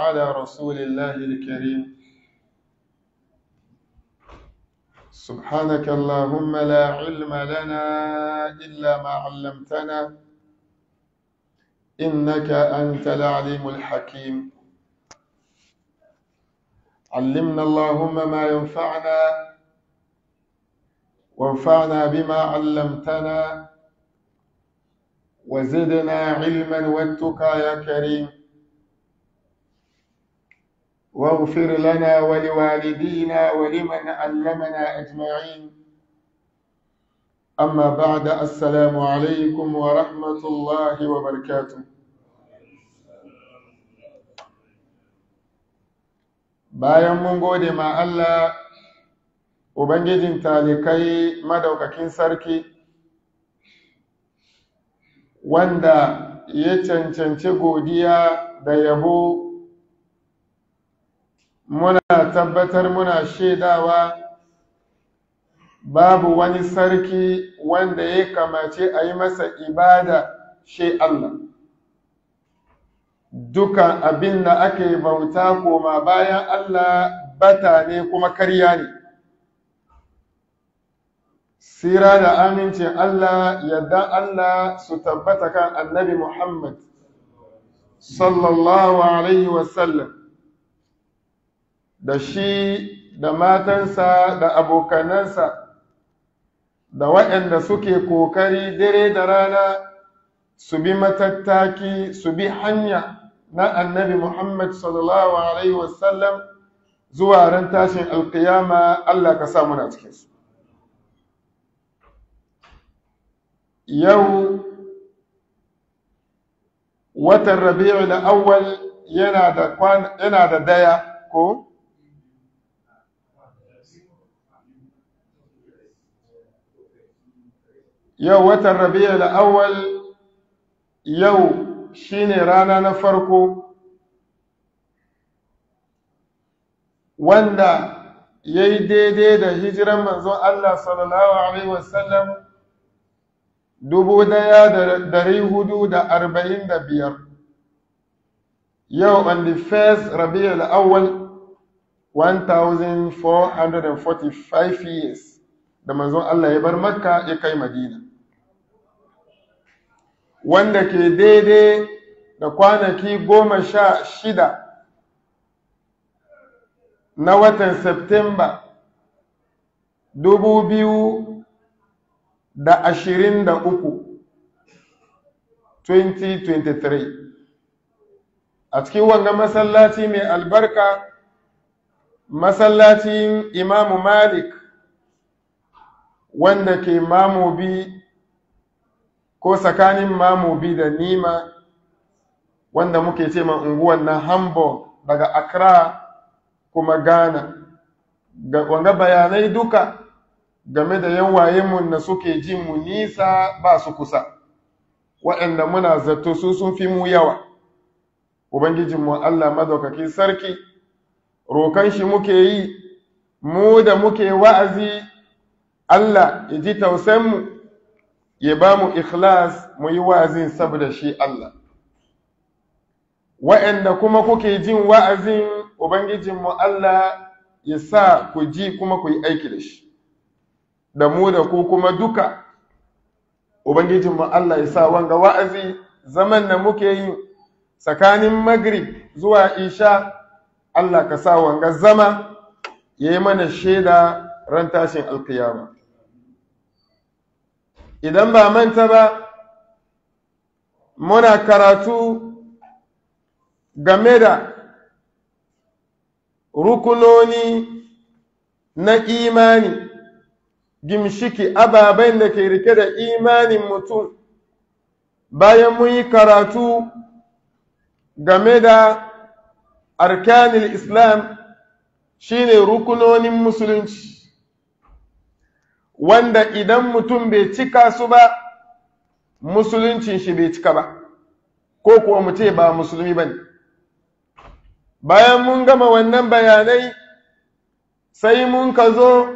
على رسول الله الكريم سبحانك اللهم لا علم لنا إلا ما علمتنا إنك أنت العليم الحكيم علمنا اللهم ما ينفعنا وانفعنا بما علمتنا وزدنا علما واتقى يا كريم واغفر لنا ولوالدينا ولمن علمنا أجمعين أما بعد السلام عليكم ورحمة الله وبركاته bayan mun gode ma Allah Ubangijin talikai madaukakin sarki wanda ya cancanci godiya da yabo muna tabbatar muna shaidawa babu wani sarki wanda ya kamace a yi masa ibada sha'i Allah dukan abin da ake bauta koma bayan Allah bata ne kuma karya ne sira da amincin Allah yadda Allah su tabbata kan annabi Muhammad sallallahu alaihi wasallam da shi da matansa da abokanansa da waɗanda suke kokari dare da rana su bi matattaki su bi hanya na annabi Muhammad sallallahu Alaihi wasallam zuwa ran tashin alkiyama Allah ka sa muna cikinsu. Yau watan rabi'u da awwal yana da daya ko? yau watan rabi'ul awwal yau shine rana na farko wanda yayi daidai da hijiran manzon Allah sallallahu alaihi wasallam dubu daya da dari hudu da arba'in da biyar yau on the first rabi'ul awwal 1445 years da manzon Allah ya bar makka ya kai madina wanda ke daidai da kwanaki goma sha shida na watan Septemba dubu biyu da ashirin da uku 2023 a cikin wanga masallaci mai albarka masallacin imamu malik wanda ke mamobi ko tsakanin mamobi da nima wanda muke ce ma unguwan na hamburg daga accra kuma ghana wanga bayanai duka game da yan wayenmu na suke ji mu nisa ba su kusa waɗanda muna zato su sun fi mu yawa ubangijinmu allah madaukakin sarki rokan shi muke yi mu da muke wa'azi allah ya ji mu. ya ba mu ikhlas mu yi wa'azin saboda shi Allah wa'anda kuma kuke jin wa'azin ubangijinmu Allah ya sa ku ji kuma ku yi aiki da shi da mu da ku kuma duka ubangijinmu Allah ya sa wanga wa'azi zaman da muke yi tsakanin magrib zuwa isha Allah ka sa wanga zama ya yi mana shaida ran tashin alkiyama idan ba manta ba muna karatu game da rukunoni na imani gimshiki ababen da ke rike da imanin mutum bayan mun yi karatu game da arkanin islam shine rukunonin musulunci wanda idan mutum bai cika su ba musuluncin shi bai cika ba ko kuwa mu ba musulmi ba bayan mun gama wannan bayanai sai mun ka zo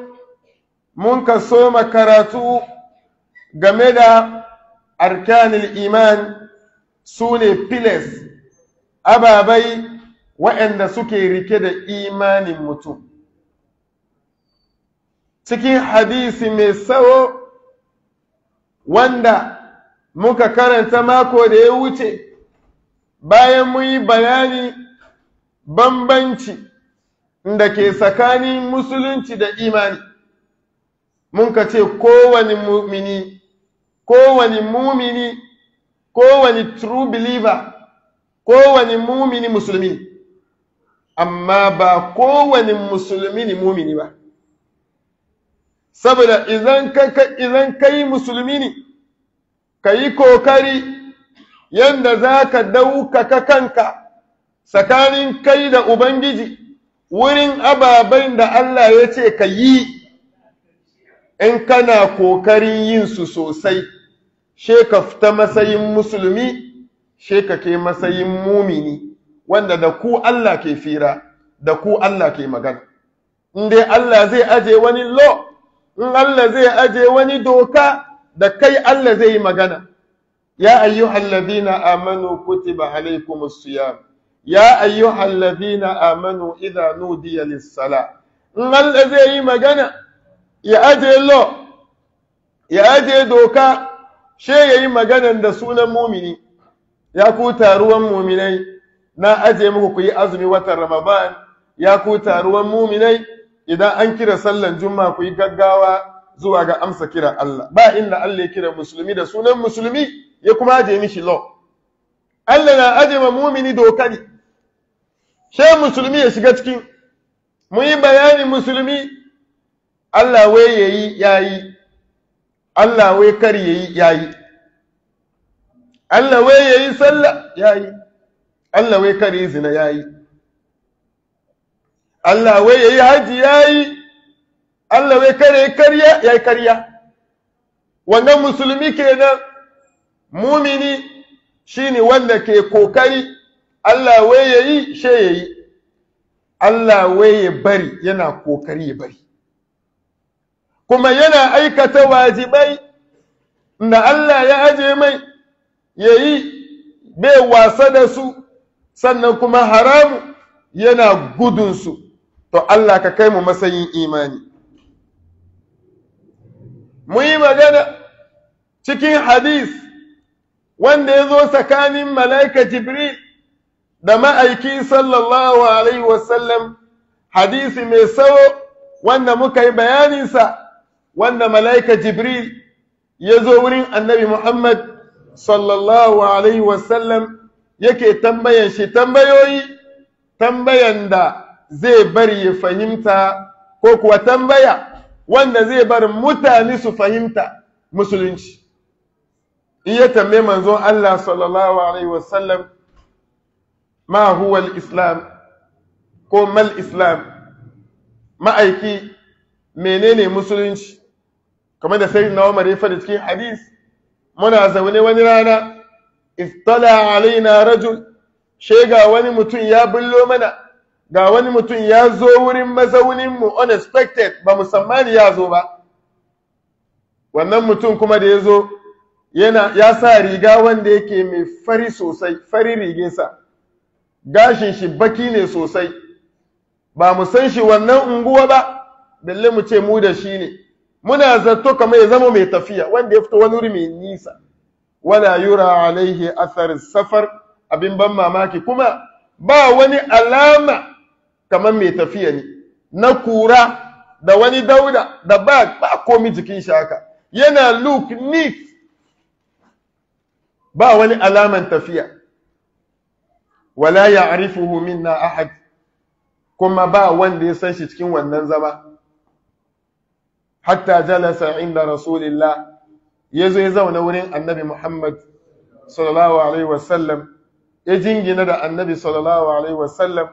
mun ka soma karatu game da arkanil iman su ne files ababai waɗanda suke rike da imanin mutum cikin hadisi mai tsawo wanda muka karanta mako da ya wuce bayan mun yi bayani bambanci da ke tsakanin musulunci da imani mun ka ce kowane mumini kowane mumini kowane true believer kowane mumini musulmi amma ba kowane musulmi ne mumini ba saboda idan kayi kai musulmi ne ka yi kokari yadda za ka ɗaukaka kanka tsakanin kai da ubangiji wurin ababen da Allah ya ce ka yi in kana kokarin yin su sosai she ka fita matsayin musulmi she ka ke matsayin mumini wanda da ku Allah ke fira da ku Allah ke magana Inda Allah zai aje wani lo. in Allah zai aje wani doka da kai Allah zai yi magana ya ayyuhal ladina amanu kutiba alaykumus siyam ya ayyuhal ladina amanu idza nudiya lis-sala in Allah zai yi magana ya aje lo, ya aje doka she yayi maganan da sunan mumini ya ku taruwan muminai na aje muku ku yi azumi watan ramadan ya ku taruwan muminai idan an kira sallan Juma ku yi gaggawa zuwa ga amsa kira Allah ba inda Allah ya kira musulmi da sunan musulmi ya kuma aje mishi law Allah na aje ma mumini ne. She musulmi ya shiga cikin mu yi bayani musulmi Allah wai yayi yayi Allah wai kar yayi yayi Allah wai yayi sallah yayi Allah wai kar yayi zina yayi Allah wai yayi haji yayi Allah wai kare karya yayi karya wannan musulmi kenan mumini shine wanda ke kokari Allah wai yayi she yayi Allah wai ya bari yana kokari ya bari kuma yana aikata wajibai da Allah ya aje mai yayi bai wasa da su sannan kuma haramu yana gudunsu to Allah ka kai mu matsayin imani mu yi magana cikin hadis wanda ya zo tsakanin mala'ika jibril da ma'aiki sallallahu alaihi wasallam hadisi mai sawo wanda muka yi bayaninsa wanda mala'ika jibril ya zo wurin annabi muhammad sallallahu alaihi wasallam yake tambayan shi tambayoyi tambayan da zai bar ya fahimta ko kuwa tambaya wanda zai bar mutane su fahimta musulunci in ya tambaye manzon Allah sallallahu alaihi wasallam ma huwa islam ko mal islam ma'aiki menene musulunci kamar da sai na Umar ya faɗi cikin hadis muna zaune wani rana istala alaina rajul shega wani mutum ya bullo mana ga wani mutum ya zo wurin mazauninmu unexpected ba musamman ya zo ba wannan mutum kuma da ya zo yana ya sa riga wanda yake mai fari sosai fari riginsa gashin shi baki ne sosai ba mu san shi wannan unguwa ba balle mu ce mu da shi ne muna zato kamar ya zama mai tafiya wanda ya fito wani wuri mai nisa wala yura alaihi athar safar abin ban mamaki kuma ba wani alama kamar mai tafiya ne na kura da wani dauda da ba ba komi jikin shaka yana look neat ba wani alaman tafiya wala ya ya'rifuhu na ahad kuma ba wanda ya san shi cikin wannan zama hatta jalasa inda rasulillah yazo ya zauna wurin annabi Muhammad sallallahu alaihi wasallam ya jingina da annabi sallallahu alaihi wasallam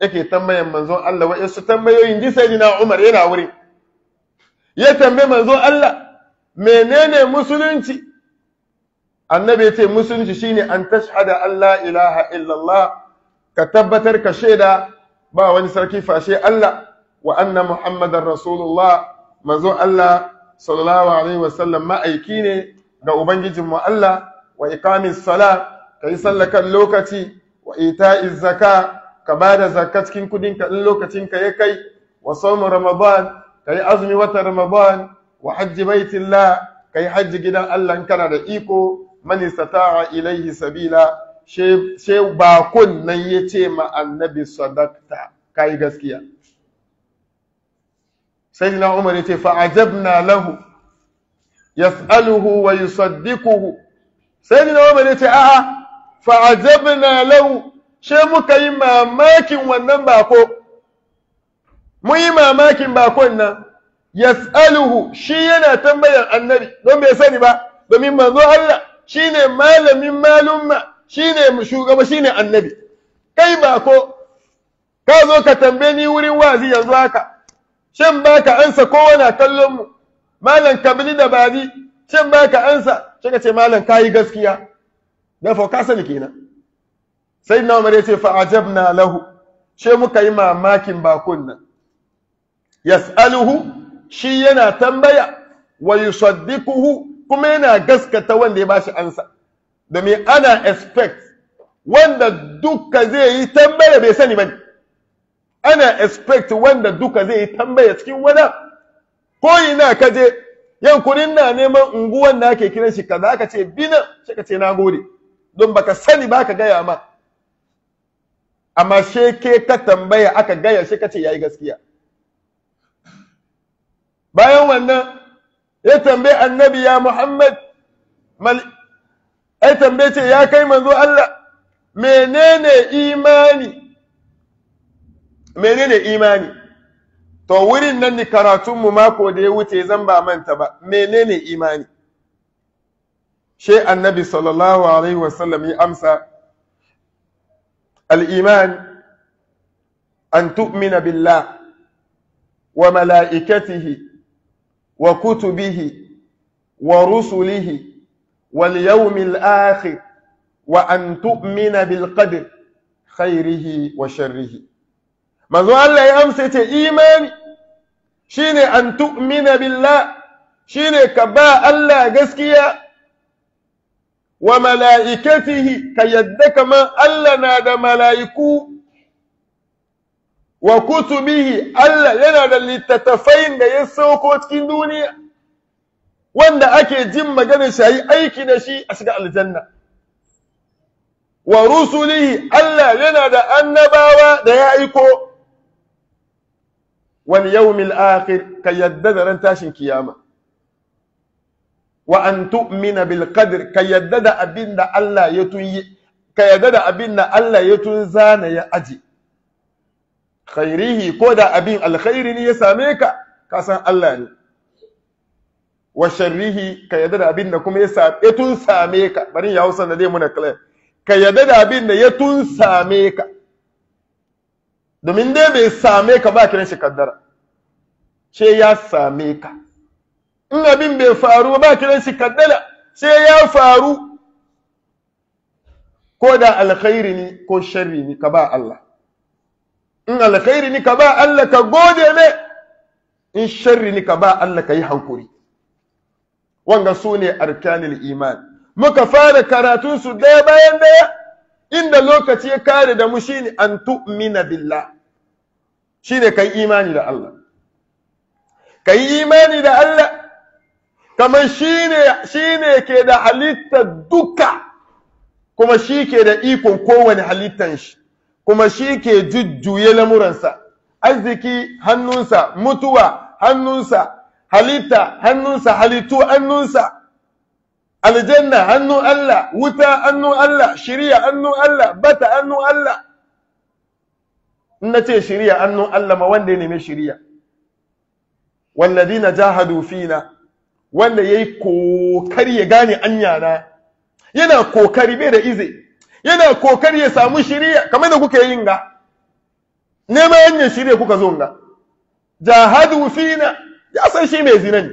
yake tambayan manzon Allah waɗansu tambayoyin ji sai na Umar yana wuri ya tambaye manzon Allah menene musulunci annabi ya ce musulunci shine an tashhada Allah ilaha illallah ka tabbatar ka shaida ba wani sarki fashe Allah wa anna muhammadar rasulullah manzon Allah sallallahu alaihi wasallam ma'aiki ne ga ubangijinmu Allah wa iqamis sala kai sallakan lokaci wa ita'iz zakat ka ba da zakka cikin kudinka in lokacinka ya kai wa saumu ramadan ka yi azumi wata ramadan wa hajji baitillah ka yi hajji gidan allah kana da iko Mani istata'a ilaihi sabila she kun nan ya ce ma annabi sadaqta ka gaskiya sayyidina na umar yace fa ajabna lahu yas'aluhu wa yusaddiquhu sayyidina umar yace a'a a'a fa'ajabna lahu Sai muka yi mamakin wannan bako mun yi mamakin bakon nan yas'aluhu shi yana tambayar annabi don bai sani ba domin manzo Allah Shi ne malamin malumma ne shugaba shi ne annabi kai bako ka zo ka tambaye ni wurin wazi yanzu haka shan baka ansa kowane kallonmu, kallon mu malam kabili da bazi shan baka ansa shi ka ce malam ka yi gaskiya da fokasa ka kenan sai na umar ya ce na lahu ce muka yi mamakin bakun nan yas'aluhu shi yana tambaya wa yusaddiquhu kuma yana gaskata wanda ya bashi ansa Da me ana expect wanda duka zai yi tambaya bai sani bane ana expect wanda duka zai yi tambaya cikin wada ko ina ka je yankunin na neman unguwan da ake kiran shi kaza ka ce bina sai ka ce nagode don baka sani baka gaya ma amma she ke ta tambaya aka gaya shi kace yayi gaskiya bayan wannan ya tambaye annabi ya Muhammad mal ai tambaye ce ya kai manzo Allah menene imani menene imani to wurin nan ni karatun mu mako da ya wuce zan ba manta ba menene imani she annabi sallallahu alaihi wasallam ya amsa الإيمان أن تؤمن بالله وملائكته وكتبه ورسله واليوم الآخر وأن تؤمن بالقدر خيره وشره ما زال لا amsace imani شين أن تؤمن بالله شين ka الله جسكيا wa mala'ikatihi ka yadda kamar Allah na da mala'iku wa kutubihi Allah yana da littattafai da ya sauko cikin duniya wanda ake jin maganar shi yi aiki da shi a shiga aljanna wa rusulihi Allah yana da annabawa da ya aiko wal yawmil akhir ka yadda da ran tashin kiyama wa an tu'mina bil qadr ka yadda da abinda Allah ya tun ka yadda da abinda Allah ya tun zana ya aji khairihi ko da abin alkhairi ne ya same ka ka san Allah ne wa sharrihi ka yadda da abinda kuma ya same tun same ka bari ya hausa da dai muna clear ka yadda da abinda ya tun same ka domin dai bai same ka ba kiran shi kaddara sai ya same ka in abin bai faru ba kiran shi kaddala sai ya faru ko da alkhairi ne ko sharri ne ka ba Allah in alkhairi ne ka ba Allah ka gode ne in sharri ne ka ba Allah ka yi hankuri wanga su ne arkanil iman muka fara karatun su daya bayan daya inda lokaci ya kare da mu shine an tu'mina billah shine kai imani da Allah kai imani da Allah kamar shi ne ke da halittar duka kuma shi ke da ikon kowane halittar shi kuma shi ke jujjuye lamuransa arziki hannunsa mutuwa hannunsa halitta hannunsa halittu hannunsa aljanna hannun Allah wuta hannun Allah Shirya, hannun Allah bata hannun Allah in na ce shiriya hannun Allah ma wanda ya neme shiriya والذين جاهدوا فينا wanda ya yi kokari ya gane anya na yana kokari bai da ize yana kokari ya samu shiriya kamar da kuka yin ga neman hanyar shiriya kuka zo ga jahadu fina ya san shi mai zina ne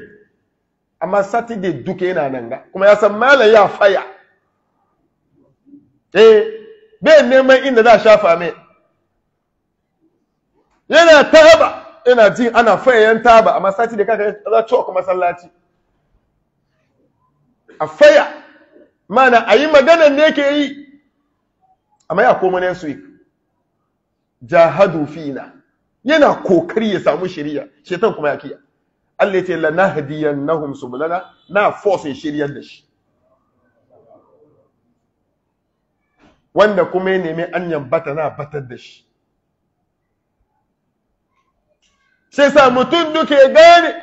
amma saturday duka yana nan ga kuma ya san malam ya faya eh bai neman inda za shafa mai yana taba yana jin ana fayayen taba amma saturday kaka za cok masallaci a faya mana a yi maganan ne ke yi a maya koma next jahadu fina yana kokari ya samu shiriya shetan kuma ya kiya Allah ya ce la na subulana na fosin shiryar da shi wanda kuma ya nemi anyan bata na batar da shi sai sa mutum duke gane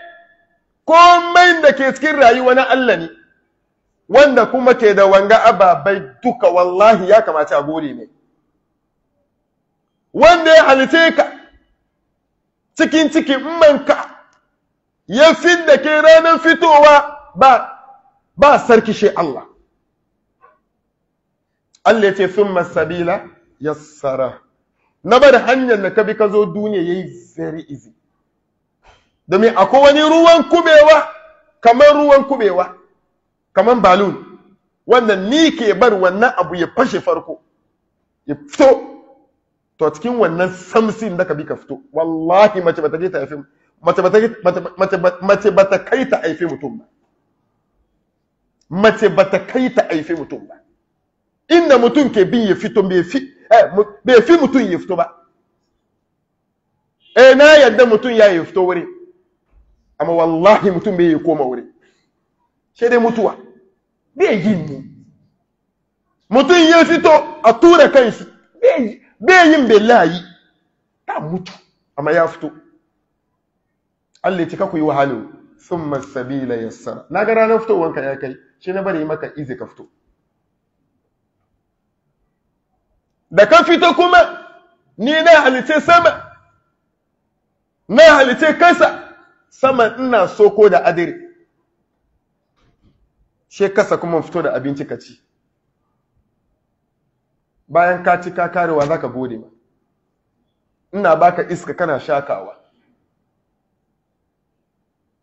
komai da ke cikin rayuwa na Allah ne wanda kuma ke da wanga ababai duka wallahi ya kamata a gode ne. wanda ya halitte ka cikin ciki manka ya da ke ranar fitowa ba ba sarki shi Allah Allah ya ce masabila sabila tsara. na bar hanyar da ka bi ka zo duniya ya yayi very easy domin akwai wani ruwan kubewa kamar ruwan kubewa kamar balun wannan ni ke bar wannan abu ya fashe farko ya fito to cikin wannan samsin da ka bi ka fito wallahi mace bata je ta haife mace bata kai ta haife mutum ba mace bata kai ta haife mutum ba inda mutum ke bin ya fito bai fi eh, bai fi mutum ya fito ba eh na yadda mutum ya yi fito wuri amma wallahi mutum bai yi koma wuri sai dai mutuwa bai yin ne mutum ya fito a tura kanshi bai yin layi ta mutu amma ya fito Allah ya cika ku yi wahalu thumma sabila yassara na ga ranar fitowanka ya kai ṣe na bari maka izi ka fito da ka fito kuma ni na halice sama na halice kasa sama ina soko da adiri she kasa kuma fito da abinci ka ci bayan ka ci ka karewa zaka gode ma ina baka iska kana shakawa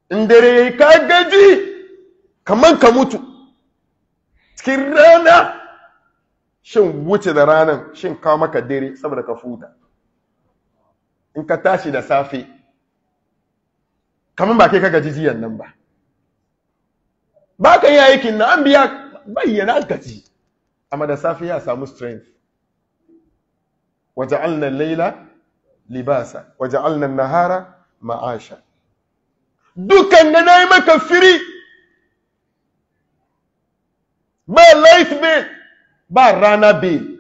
in dare ka gaji kaman ka mutu cikin rana shin wuce da ranan shin kawo maka dare saboda ka futa in ka tashi da safe kaman ba kai ka gaji jiyan nan ba ba ka yi aikin na an biya bayyana alkaci amma da safi ya samu strength Waje al'nan laila libasa waje al'nan nahara ma'asha Dukkan da na yi maka firi ba life bill ba rana bill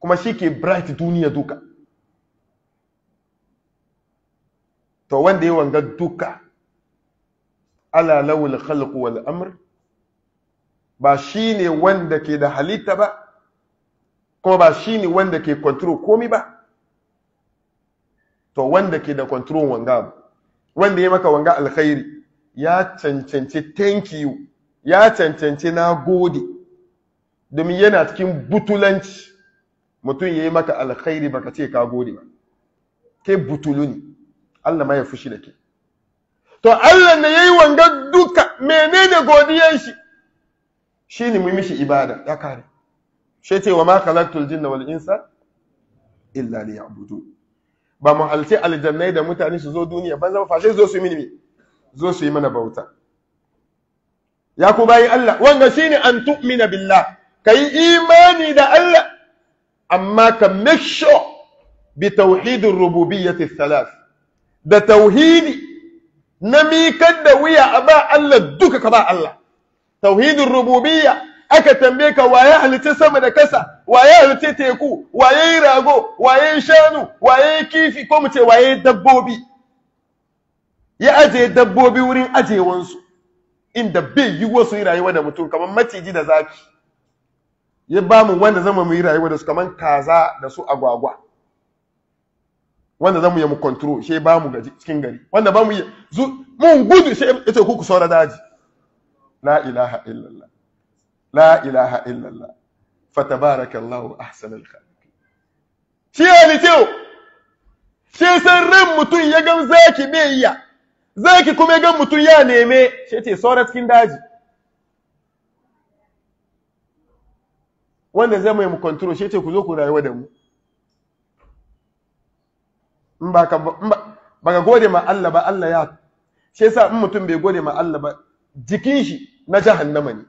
kuma shi ke bright duniya duka to wanda yi wanga duka ala lawul khalq wal amr ba shine wanda ke da halitta ba kuma ba shine wanda ke control komi ba to wanda ke da control wanga wanda ya maka wanga alkhairi ya cancanci thank you ya cancanci na gode domin yana cikin butulanci mutum ya yi maka alkhairi baka ce ka gode ba ke butulu ne Allah ma ya fushi da ke to Allah ya yayi wanga duka menene godiyar shi ne mu mishi ibada ya kare shi ce wa ma khalaqtul jinna wal insa illa abudu. ba mu halce aljannai da mutane su zo duniya ban zama fashe zo su yi mini zo su yi mana bauta ya ku bayi Allah wanga ne an tu'mina billah kai imani da Allah amma ka make sure bi tauhidir rububiyyati thalath da tauhidi na mikar da wuya a ba Allah duka ka ba Allah tauhidin rububiyya aka tambaye ka waye halitta sama da kasa waye halitta teku waye rago waye shanu waye kifi ko mu ce waye dabbobi ya aje dabbobi wurin ajewansu inda bai yi wasu rayuwa da mutum kamar maciji da zafi. ya ba mu wanda zama mu yi rayuwa da su kamar kaza da su agwagwa wanda zamu yi mu control she ba mu gaji cikin gari wanda ba mu yi mun gudu shi yace ku ku saura daji la ilaha illallah la ilaha illallah fatabarakallahu ahsanul khaliqin shi ne tiyo shi san ran mutun ya gan zaki bai ya zaki kuma ya gan mutun ya neme She yace saura cikin daji wanda zamu yi mu control she yace ku zo ku rayuwa da mu ba ka gode ma Allah ba Allah ya shi yasa in mutum bai gode ma Allah ba jikin shi na jahannama ne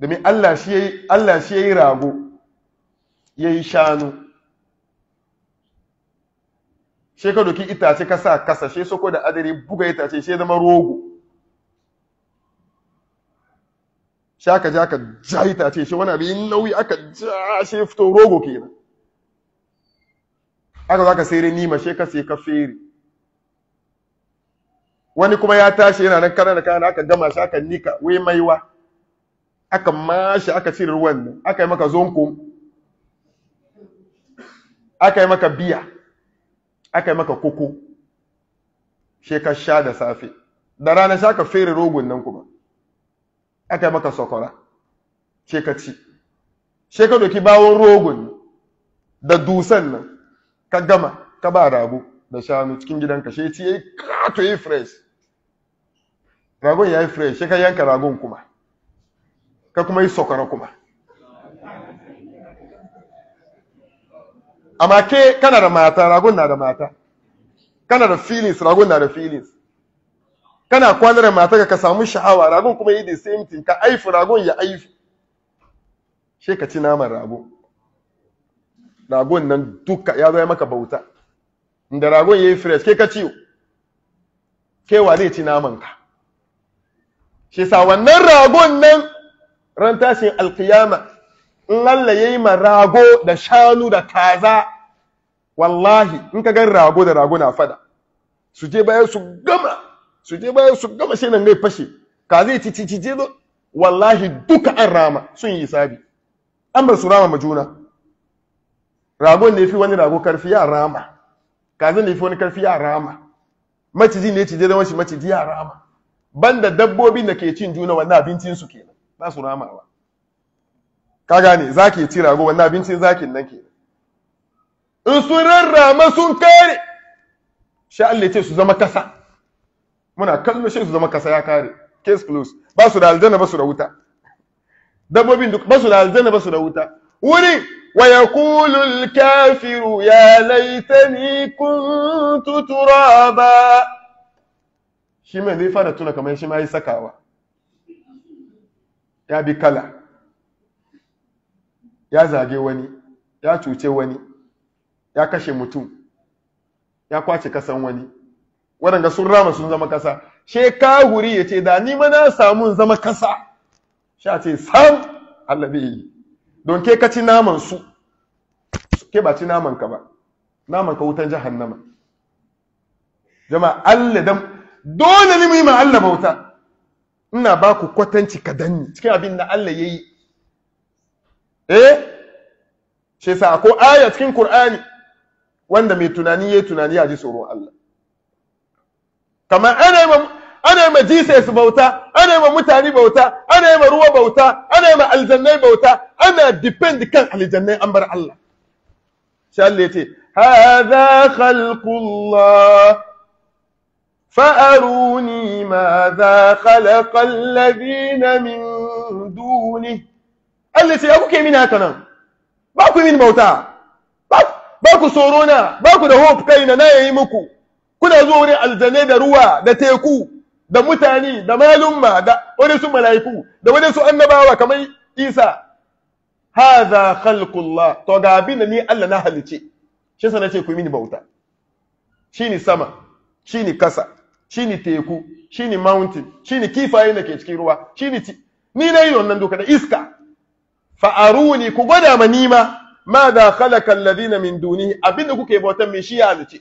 domin Allah shi yayi Allah shi yayi rago yayi shanu she ka doki itace ka sa kasa shi soko da adare buga itace shi zama rogo Shaka ka ja ka ja itace she wani abin nauyi aka ja she fito rogo kenan aka za ka sayar nima she ka sai ka fere wani kuma ya tashi yana nan kana da kana aka gama shi aka nika wai maiwa aka mashi aka cire ruwan nan aka yi maka zonko aka yi maka biya aka yi maka koko she ka sha da safe da rana sha ka fere rogon nan kuma aka yi maka sokora she ka ci she ka doki bawon rogon da dusan nan ka gama ka ba rago da shanu cikin gidanka shi ci yayi kato yayi fresh ragon yayi fresh sai ka yanka ragon kuma ka kuma yi sokara kuma amma ke kana da mata ragon na da mata kana da feelings ragon na da feelings kana kwanar da mata ka samu sha'awa ragon kuma yi the same thing ka aifi ragon ya aifi shi ka ci naman ragon ragon nan duka ya zo maka bauta inda ragon yayi fresh ke ka ciwo kewa zai ci naman ka shi sa wannan ragon nan ran tashin alkiyama in ya yayi ma rago da shanu da kaza wallahi in ka ga rago da rago na fada su je bayan su gama su je bayan su gama shi nan gai fashe ka zai ci ci ci wallahi duka an rama sun yi sabi an bar su rama ma juna ragon ne fi wani rago karfi ya rama kazin ne fi wani karfi ya rama maciji ne ci zama shi maciji ya rama banda dabbobin da ke cin juna wannan abincin su kenan ba su ramawa ka gane zaki ci rago wannan abincin zakin nan kenan in sun rarrama sun kare sha Allah ya ce su zama kasa muna kallo shi su zama kasa ya kare case close ba su da aljanna ba su da wuta dabbobin duk ba su da aljanna ba su da wuta wurin ويقول الكافر يا laitani كنت ترابا shi mai zai fara tuna kamar shi ma yi sakawa ya bi kala ya zage wani ya cuce wani ya kashe mutum ya kwace kasan wani Wadanga sun rama sun zama kasa she kahuri ya ce da ni ma na zama kasa sha ce sam Allah bai yi don ke ka ci naman su ke ba ci naman ka ba naman ka wutan jahannama jama'a Allah dan dole ne mu yi ma Allah bauta ina ba ku kwatanci kadan cikin abin da Allah yayi eh shi sa ko aya cikin Qur'ani wanda mai tunani yayi tunani ya ji tsoron Allah kamar ana ana yi ma jesus bauta ana yi ma mutane bauta ana yi ma ruwa bauta ana yi ma aljannai bauta ana depend kan aljannai an bar Allah Shi Allah yace hadha khalqullah ma za خلق ladina min duni. Allah ce ya kuke mini haka nan ba ku min bauta ba ku tsoro na ba ku da hope kai na na yayi muku kuna zuwa wurin aljannai da ruwa da teku da mutane da malumma da wadansu mala'iku da wadansu annabawa kamar isa haza khalqullah to ga abin ni Allah na halice shi sa nace ku mini bauta shine sama shine kasa shine teku shine mountain shine kifaye da ke cikin ruwa shine ni na yi wannan doka da iska fa aruni ku gwada ma nima ma da khalaqa alladhina min dunihi abin da kuke bautan me shi ya halice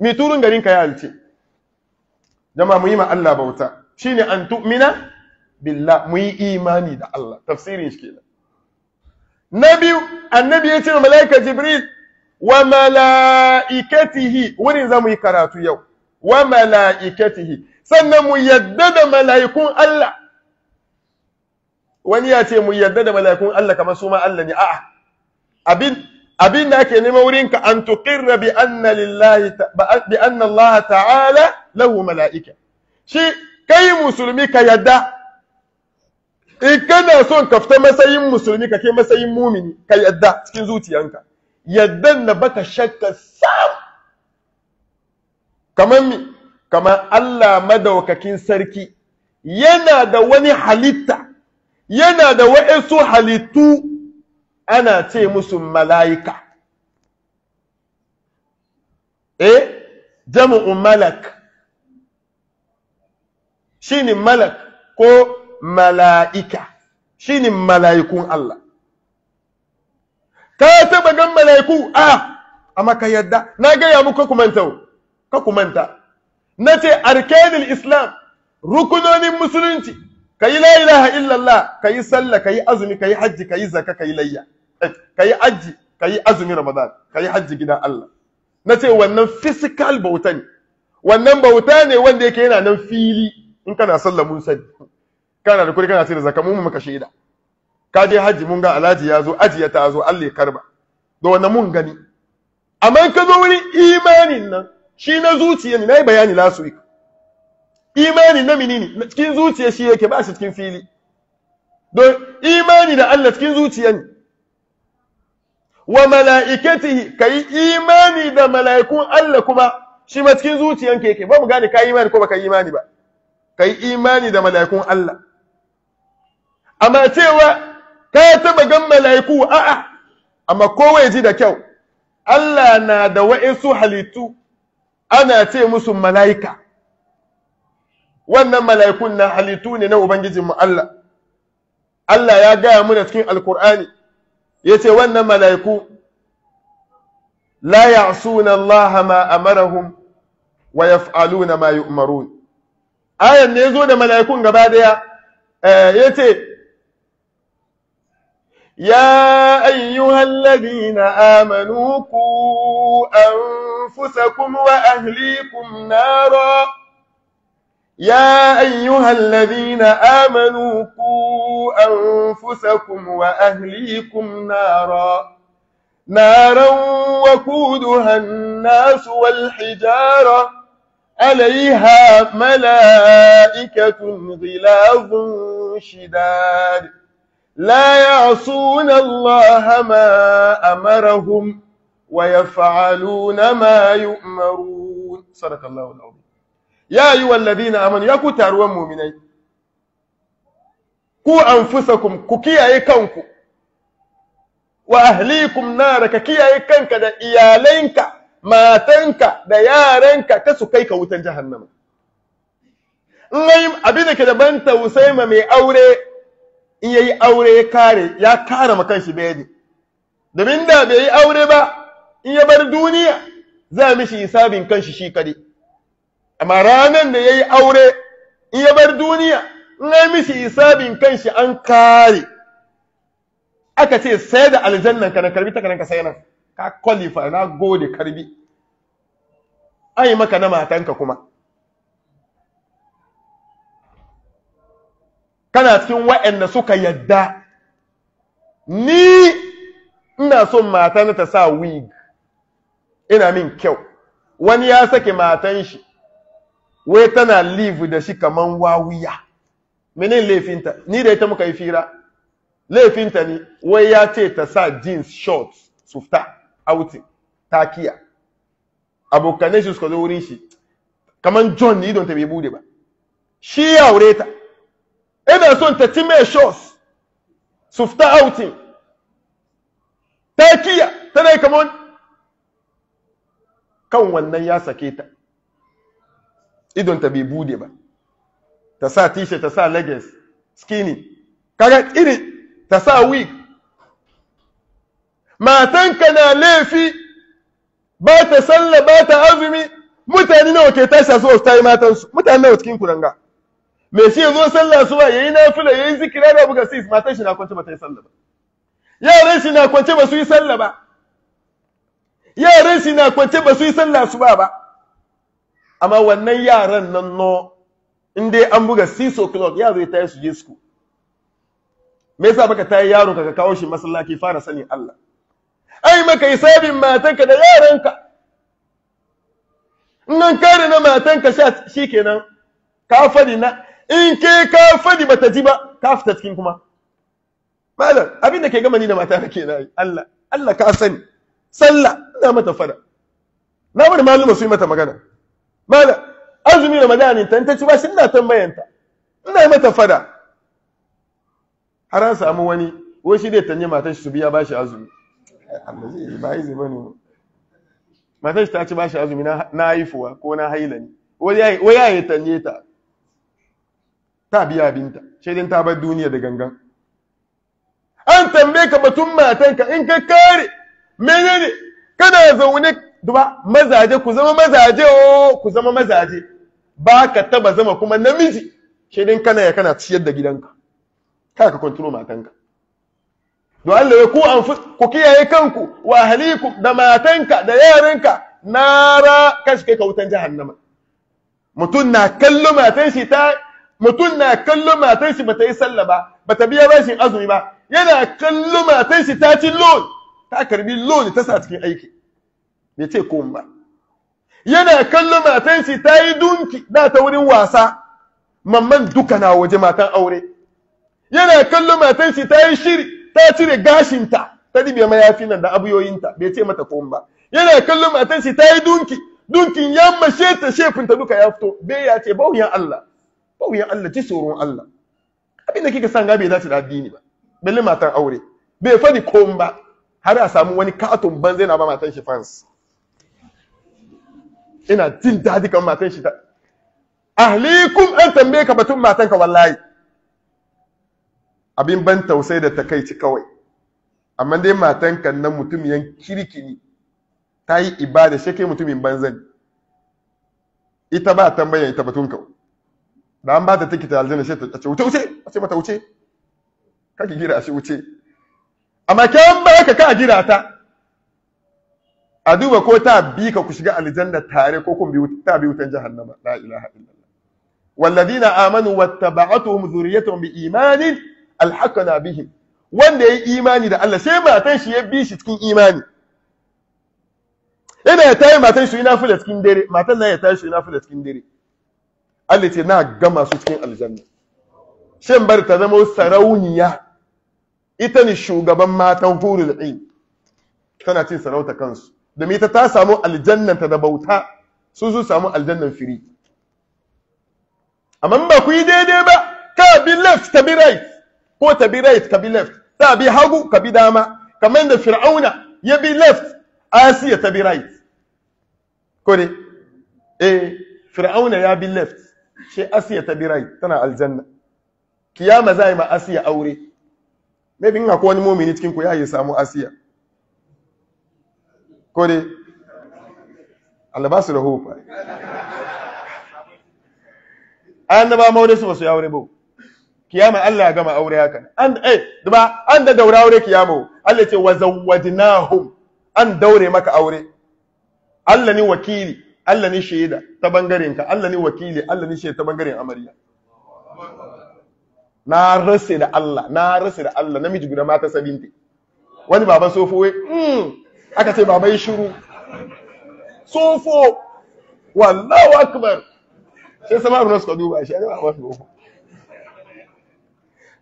me turun garin ka ya halice jama'a mu yi ma Allah bauta shine an tu'mina billah mu yi imani da Allah tafsirin shi kenan na biyu annabi ya ce wa malaika jibril wa mala'ikatihi wurin za mu yi karatu yau wa mala'ikatihi sannan mu yadda da mala'ikun Allah wani ya ce mu yadda da mala'ikun Allah kamar su ma Allah ne a'a abin abin da ake neman wurinka an tuqirra bi anna lillahi bi anna Allah ta'ala lahu mala'ika shi kai musulmi ka yadda in kana son ka fita matsayin musulmi ka ke matsayin mumini ka yadda cikin zuciyanka yadda na baka shakka sam kamar mi kamar Allah madaukakin sarki yana da wani halitta yana da wa'isu halittu ana ce musu mala'ika eh jam'u malak shine malak ko mala'ika shine mala'ikun Allah ka taɓa gan mala'iku a amma ka yadda na gaya muku kumanta ka kumanta na ce arkanin islam rukunonin musulunci ka yi la ilaha illallah ka yi sallah ka yi azumi ka yi hajji ka yi zaka ka yi layya ka yi aji ka yi azumin ramadan ka yi hajji gidan Allah na ce wannan physical bauta ne wannan bauta ne wanda yake yana nan fili in kana sallah mun sani kana da kuri kana sai da zakka mun maka shaida ka je haji mun ga alhaji ya zo aji ya ta zo Allah ya karba da wannan mun gani amma in ka zo wurin imanin nan shi na zuciya ne na yi bayani last week imani na menene cikin zuciya shi yake ba shi cikin fili don imani da Allah cikin zuciya ne wa mala'ikatihi ka yi imani da mala'ikun Allah kuma shi ma cikin zuciyanka yake ba mu gane ka imani ko baka imani ba ka yi imani da mala'ikun Allah amma cewa ka taba gan mala'iku a'a amma ko ji da kyau Allah na da wa'insu halittu ana ce musu mala'ika wannan mala'ikun na halittu ne na mu Allah Allah ya gaya mu da cikin Alkur'ani yace wannan mala'iku la ya'suna Allah ma amarahum wa yaf'aluna ma yu'marun ayan ne yazo da mala'ikun gaba daya yace يا أيها الذين آمنوا قوا أنفسكم وأهليكم نارا يا أيها الذين آمنوا قوا أنفسكم وأهليكم نارا نارا وقودها الناس والحجارة عليها ملائكة غلاظ شداد لا يعصون الله ما أمرهم ويفعلون ما يؤمرون صدق الله العظيم ya ayyuhal na amanu ya ku taruwan mu'minai ku an kum ku kiyaye kanku wa ahlikum nara ka kiyaye kanka da iyalanka matanka da yarenka ta su kai ka wutan jahannama in abin da ke da ban tausai ma mai aure in yayi aure ya kare ya kare makan shi bai domin da bai yi aure ba in ya bar duniya za mishi hisabin kanshi shi kare. amma ranan da ya yi aure in ya bar duniya in ya mishi isabin kanshi an kare aka ce sai da aljannan ka na karbi ta ka sai nan ka kwalifa na gode karbi yi maka na matanka kuma kana cikin waɗanda suka yadda ni ina son mata na sa wig ina min kyau wani ya sake matan shi wai tana live da shi kaman wawiya mene laifinta ni da ita muka yi fira laifinta ne wai ya ce ta sa jeans shorts su fita outing takiya abokanai shi suka zo wurin shi kaman john ni don ta bai bude ba shi ya aure ta ina son ta ci mai shorts su fita outing takiya tana kaman kan wannan ya sake ta idonta bai bude ba ta sa t-shirt ta sa leggings skinny kaga iri ta sa wig matanka na laifi ba ta salla ba ta azumi mutane nawa ke tasha zuwa su tayi matansu mutane nawa cikin kuranga me shi zo sallah su ba yayi nafila yayi zikira da buga sis matan shi na kwance ba ta yi sallah ba yaran shi na kwance ba su yi sallah ba yaran shi na kwance ba su yi sallah su ba ba amma wannan yaran nan no inda an buga six o'clock ya ya tayi su je school me yasa baka tayi yaro ka kawo shi masallaci fara sani Allah ai maka hisabin matanka da yaranka in nan kare na matanka sha shikenan ka fadi na in ke ka fadi bata ji ba ka fita cikin kuma malam abin da ke gama ni da mata na yi Allah Allah ka sani sallah ina mata fada na bar malama su yi mata magana mana azumi ramadani ta ta ba shi ina tambayanta ina mata fada har an samu wani wani shi dai tanye matar shi su biya bashi azumi Allah zai ba yi zai bane shi ta ci bashi azumi na haifuwa ko na haila ne wai ya yi tanye ta ta biya binta shaidin ta bar duniya da gangan an tambaye ka batun matanka in ka kare menene kada zaune duba mazaje ku zama mazaje o ku zama mazaje ba ka taba zama kuma namiji shedin kana ya kana ciyar da gidanka kada ka kontrol matanka don Allah ya ku anfus ku kiyaye kanku wa ahliku da matanka da yaranka nara kashi kai ka wutan jahannama mutum na kallo matan shi ta mutum na kallo matan shi bata yi sallah ba bata biya bashin azumi ba yana kallo matan shi ta ci loan ta karbi loan ta sa cikin aiki bai ce ko ba yana kallon matan shi ta yi dunki da ta wurin wasa mamman duka na waje matan aure yana kallon matan shi ta yi shiri ta cire gashinta ta dibe mayafi nan da abuyoyinta bai ce mata ko ba yana kallon matan shi ta yi dunki dunkin ya mashe ta shefinta duka ya fito bai ya ce bauyan Allah bauyan Allah ci tsoron Allah abinda kika san ga bai dace da addini ba balle matan aure bai fadi ko ba har a samu wani katon banzai na ba matan shi fans ina jin daɗi kan matan shi ta ahlikum an tambaye ka batun matan ka wallahi abin ban tausai da takaici kawai amma dai matan kan nan mutumiyan kirkini ta yi ibada shi kai mutumin banzan ita ba tambayan ita batun ka da an ba ta tikita aljanna shi ta ce wuce wuce a ce mata wuce kake gira a shi wuce amma kyan ba ka ka gira ta a duba ko ta bi ka ku shiga aljanna tare ko kun bi ta bi wutan jahannama la ilaha illallah walladina amanu wattaba'atuhum dhurriyyatuhum biimanin alhaqna bihim wanda yayi imani da Allah sai matan shi ya bi shi cikin imani ina ya yi matan shi nafila cikin dare matan na ya tashi shi nafila cikin dare Allah ce na gama su cikin aljanna shin bar ta zama sarauniya ita ne shugaban matan hurul ain tana cin sarauta kansu da mita ta samu ta da bauta su su samu aljannan firi amma ba ku yi daidai ba ka bi left ka bi right ko ta bi right ka bi left ta bi hagu ka bi dama kamar da fir'auna ya bi left asiya ta bi right ko ne eh fir'auna ya bi left shi asiya ta bi right tana aljanna kiyama za yi ma asiya aure maybe in wani momini cikin ku ya yi samu asiya ko dai Allah ba su da hofa annaba maure su ba su yi aure ba kiyama Allah ya gama aure haka an eh ba an da daura aure kiyama Allah ce wa zawwadnahum an daure maka aure Allah ni wakili Allah ni shaida ta bangaren ka Allah ni wakili Allah ni shaida ta bangaren amarya na rasa da Allah na rasa da Allah namiji guda mata 70 wani baban sofowe mm. aka ce ba mai shiru tsofo wallahu akbar sai sama abin suka duba shi a ba mafi uku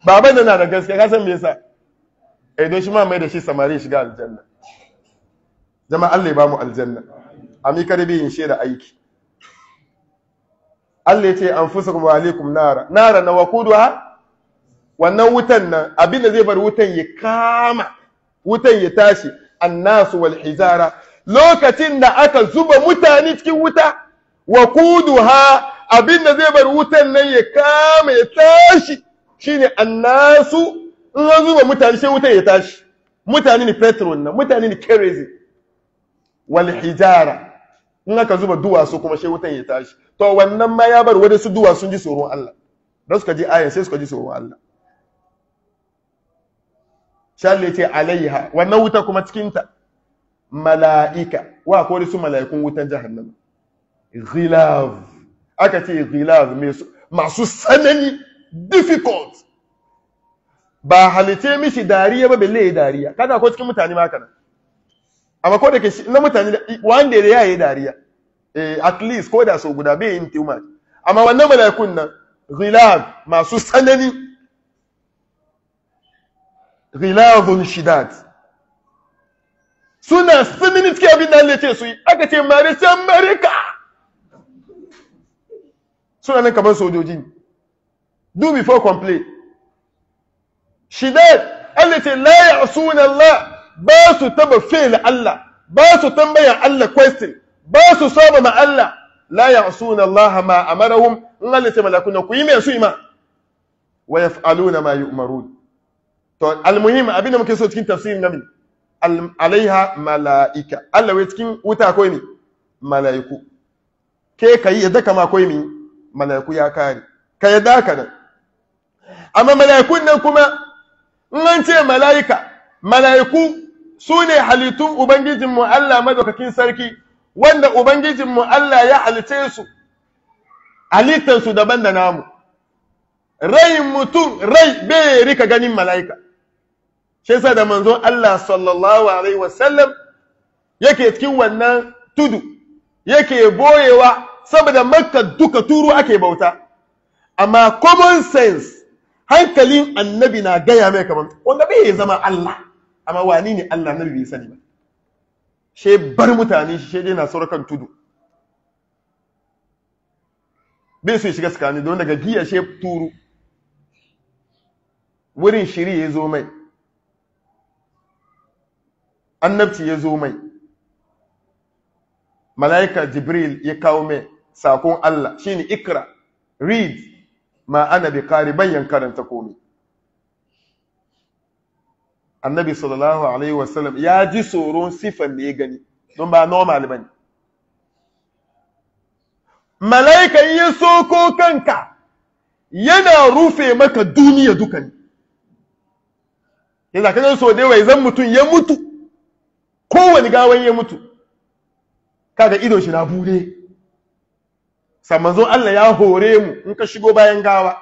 baban da na da gaske ka san me yasa eh don shi ma mai da shi samari shiga aljanna Zama Allah ya ba mu aljanna ami karbi yin shi da aiki Allah ya ce an fusa wa alaikum nara nara na ha? wannan wutan nan abin da zai bar wutan ya kama wutan ya tashi annasu wal hizara lokacin da aka zuba mutane cikin wuta wa kuduha abinda zai bar wutan nan ya kama ya tashi shine annasu in an zuba mutane sai wutan ya tashi mutane ne petrol nan mutane ne kerosene wal hijara in aka zuba duwatsu kuma sai wutan ya tashi to wannan ma ya bar wadansu sun ji tsoron Allah dan suka ji ayan sai suka ji tsoron Allah shalle ce alaiha wannan wuta kuma cikinta mala'ika wa ko su mala'ikun wutan jihannan. ghilaz aka ce ghilaz masu tsanani, difficult ba halice mishi dariya ba balle ya dariya kada ko cikin mutane maka na. amma ko da ke na mutane wanda ya yi dariya eh, at least ko da so guda bai yin too amma wannan mala'ikun nan ghilaz masu tsanani. ghilazun shidat suna sani ne suke abin da Allah ce su yi aka ce mare sai america suna nan kamar sojoji do before complain shidat Allah ce la ya'sun Allah ba su taba fi'l Allah ba su tambayan Allah question ba su saba ma Allah la ya'sun Allah ma amarahum in Allah ce malakuna ku yi mai ima wa yaf'aluna ma yu'marun to almuhim abinda muke so cikin tafsirin nabi alaiha mala'ika Allah wai cikin wuta akwai ne mala'iku ke kai yadda kama akwai ne mala'iku ya kare ka yadda ka nan amma mala'ikun nan kuma in an ce mala'ika mala'iku su ne halittun ubangijinmu Allah madaukakin sarki wanda ubangijinmu Allah ya halice su halittansu daban da namu rai mutum rai bai rika ganin mala'ika shi sa da manzon Allah sallallahu alaihi wasallam yake cikin wannan tudu yake boyewa saboda makka duka turu ake bauta amma common sense hankalin annabi na gaya mai kamar wanda bai zama Allah amma wani ne Allah nabi bai sani ba shi bar mutane shi dai na saurakan tudu bai su shiga tsakani don daga giya shi turu wurin shiri ya zo mai annabci ya zo mai mala'ika jibril ya kawo mai sakon Allah shine ikra read ma ana bi kari bayan karanta komai annabi sallallahu alaihi wasallam ya ji tsoron sifan da ya gani don ba normal bane mala'ikan ya soko kanka yana rufe maka duniya duka ne yanzu ka so dai wai zan mutum ya mutu kowane gawan ya mutu kaga ido shi na bude samanzo Allah ya hore mu in ka shigo bayan gawa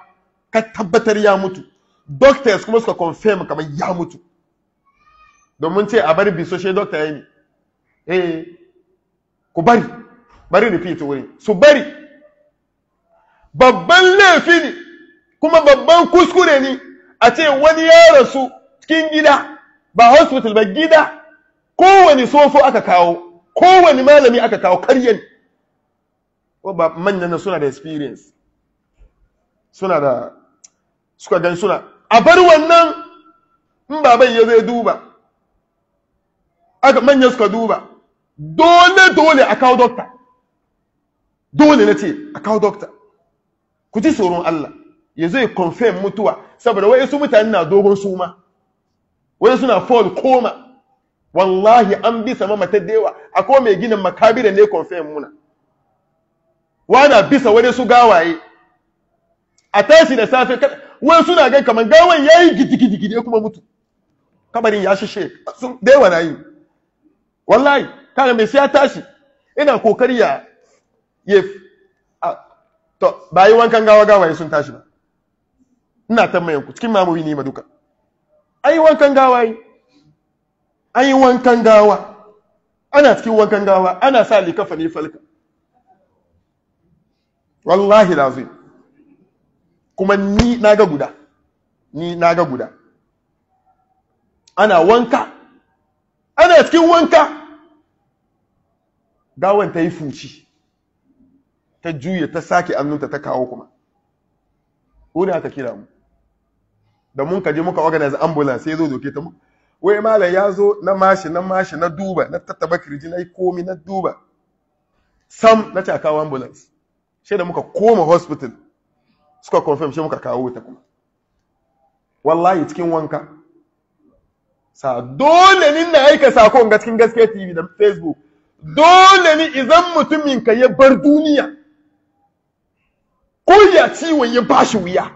ka tabbatar ya mutu doctors kuma suka confirm kamar ya mutu domin ce a bari biso she doctor yayi eh ku bari bari repeat wuri su bari babban laifi ne kuma babban kuskure ne a ce wani ya rasu cikin gida ba hospital ba gida kowane sofo aka kawo kowane malami aka kawo karyan ko ba manyan suna da experience suna da suka gan suna a bar wannan in baban ya zai duba aka manya suka duba dole dole a kawo dokta dole na ce a kawo dokta ku ji tsoron Allah ya zai confirm mutuwa saboda wai su mutane na dogon suma wai suna fall koma wallahi an bisa ma mata dewa akwai mai ginin makabira ne confirm muna wana bisa wani su gawaye a tashi da safe wai suna gan kaman gawan yi gidigidigi ne kuma mutu Kamarin ya shishe sun dewa na yi wallahi kaga mai siya ya tashi ina kokari ya ya to bayi wankan gawa gawaye sun tashi ba ina tambayan ku cikin mamoyi ne ma duka ai wankan gawaye an yi wankan gawa ana cikin wankan gawa ana sa likafa ne falka wallahi lazim kuma ni na guda ni na ga guda ana wanka ana cikin wanka gawan ta yi fuci ta juya ta sake annunta ta kawo kuma ko da aka kira mu da mun kaje muka organize ambulance sai zo doke ta mu wai malam ya zo na mashi na mashi na duba na tattaba kirji na yi komi na duba sam na cakawa kawo ambulance shi da muka koma hospital suka confirm shi muka kawo wuta kuma wallahi cikin wanka sa dole ni na aika sakon ga cikin gaske tv da facebook dole ni idan mutumin ka ya bar duniya ko ya ciwon ya bashi wuya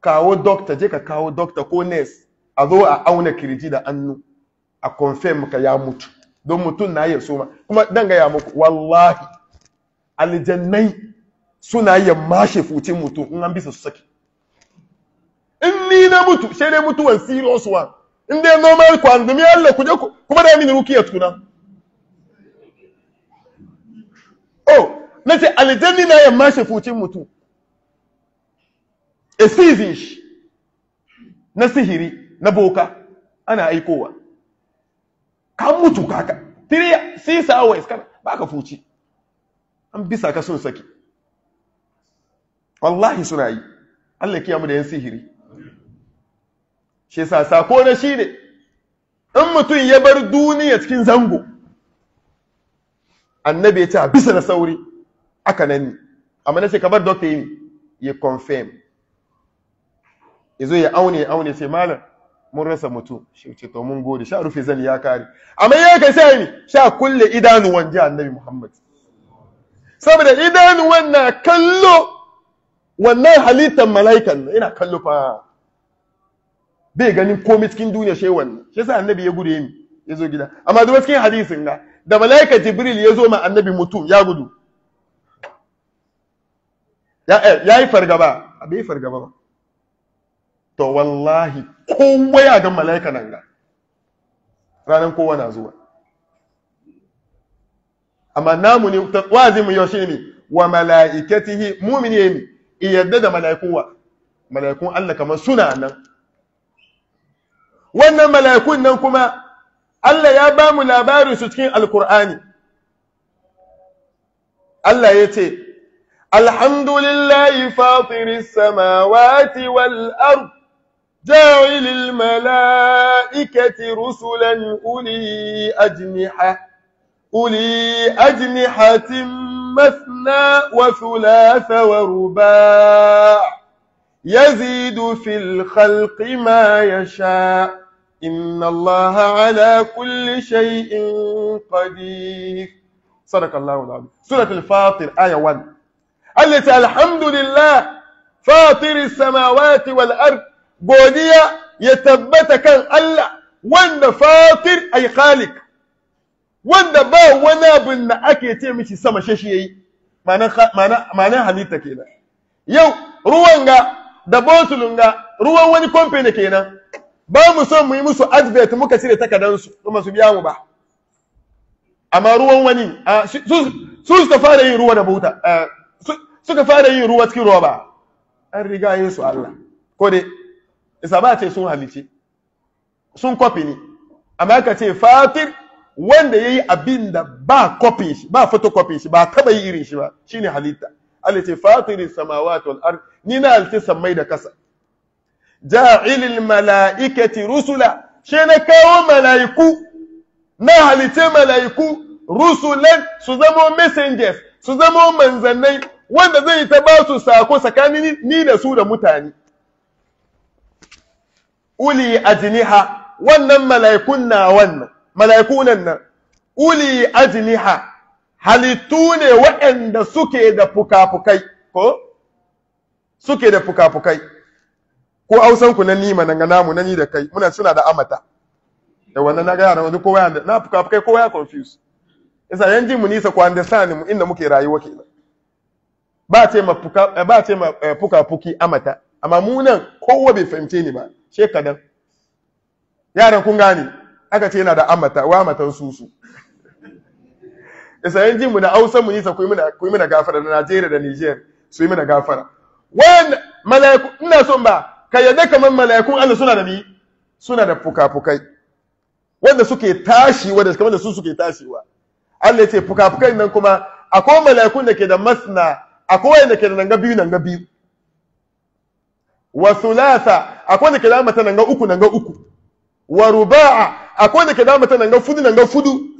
kawo doctor je ka kawo doctor ko nurse a zo a auna kirji da annu a confirm ka ya mutu don mutum na iya soma kuma dan ga ya muku wallahi aljannai suna iya mashe fucin mutum in an bisa su saki in ni na mutu sai dai mutuwan serious one in dai normal ku andumi Allah ku je ku kuma da mini rukiya tuna oh nace aljannai na iya mashe fucin mutum a season shi na sihiri na boka ana aikowa ka mutu kaka three six hours kana baka fuci an bisa ka sun saki wallahi suna yi Allah ya mu da yan sihiri shi sa sako na shine in mutum ya bar duniya cikin zango annabi ya ce bisa na sauri aka nan ni. amma na ce bar doctor yi ya confirm ya ya aune ya aune sai malam mun rasa mutum shi ce to mun gode sha rufe zali ya kare amma ya ka sai ni sha kulle idanuwan wanje annabi Muhammad saboda idanuwan na kallo wannan halittar mala'ikan ina kallo fa bai ganin komai cikin duniya shi wannan shi yasa annabi ya gure ni ya zo gida amma duk cikin hadisin ga da mala'ika Jibril ya zo ma annabi mutum ya gudu ya eh, yi fargaba bai fargaba ba to wallahi kowa ya ga mala'ika nan ga ranar kowa na zuwa amma namu ne wazi mu yaushe ne wa mala'ikatihi mumini ne iyadda da mala'ikuwa mala'ikun Allah kamar suna nan wannan mala'ikun nan kuma Allah ya ba mu labarin su cikin alkur'ani Allah ya ce alhamdulillahi fatiris samawati wal ard جاعل الملائكة رسلا أولي أجنحة أولي أجنحة مثنى وثلاث ورباع يزيد في الخلق ما يشاء إن الله على كل شيء قدير صدق الله العظيم سورة الفاطر آية 1 التي الحمد لله فاطر السماوات والأرض godiya ya tabbata kan Allah wanda fatir ay khalik wanda ba wani abin da ake ce mishi sama shashi yayi ma'anar halitta kenan yau ruwan ga da botulun ga ruwan wani company kenan ba mu son mu yi musu advert muka cire su kuma su biya mu ba amma ruwan wani su suka fara yin ruwa da eh, su suka fara yin ruwa cikin roba an riga yin su Allah ko dai isaba ba ce sun halice sun kofi ne amma ka ce fatir wanda yayi abin da ba kofi shi ba photocopy shi ba taba yi irin shi ba shine halitta Allah ce fatiris samawati wal ard ni na halitta samai da kasa ja'ilil mala'ikati rusula shi na kawo mala'iku na halitta mala'iku rusulan su zamo messengers su zamo manzannai wanda zai ta ba su sako tsakanin ni da su da mutane uli ajniha wannan mala'ikun na wannan mala'ikunan nan uli ajniha halittu ne waɗanda suke da fukafukai ko suke da fukafukai ko ausan ku na nima nan ga namu na ni da kai muna suna da amata da wannan na yana wani kowa yana na fukafukai kowa ya confuse isa yan ji mu nisa ku understand mu inda muke rayuwa kenan ba ce ma fuka ba ce ma eh, fukafuki amata amma mu nan kowa bai fahimce ni ba ce kadan yaran kun gani aka ce yana da amata wa matan susu isa yin mu na hausa mu nisa ku yi mana gafara da Najeriya da Niger su yi mana gafara wayan mala'iku ina son ba ka yadda kamar mala'ikun Allah suna da ni suna da fukafukai wanda suke tashi wanda kamar da su suke tashiwa Allah ya ce fukafukai nan kuma akwai mala'ikun da ke da masna akwai da ke da nanga biyu nanga biyu wa thulatha akwai da ke da mata nanga uku nanga uku wa ruba'a akwai da ke da mata nanga fudu nanga fudu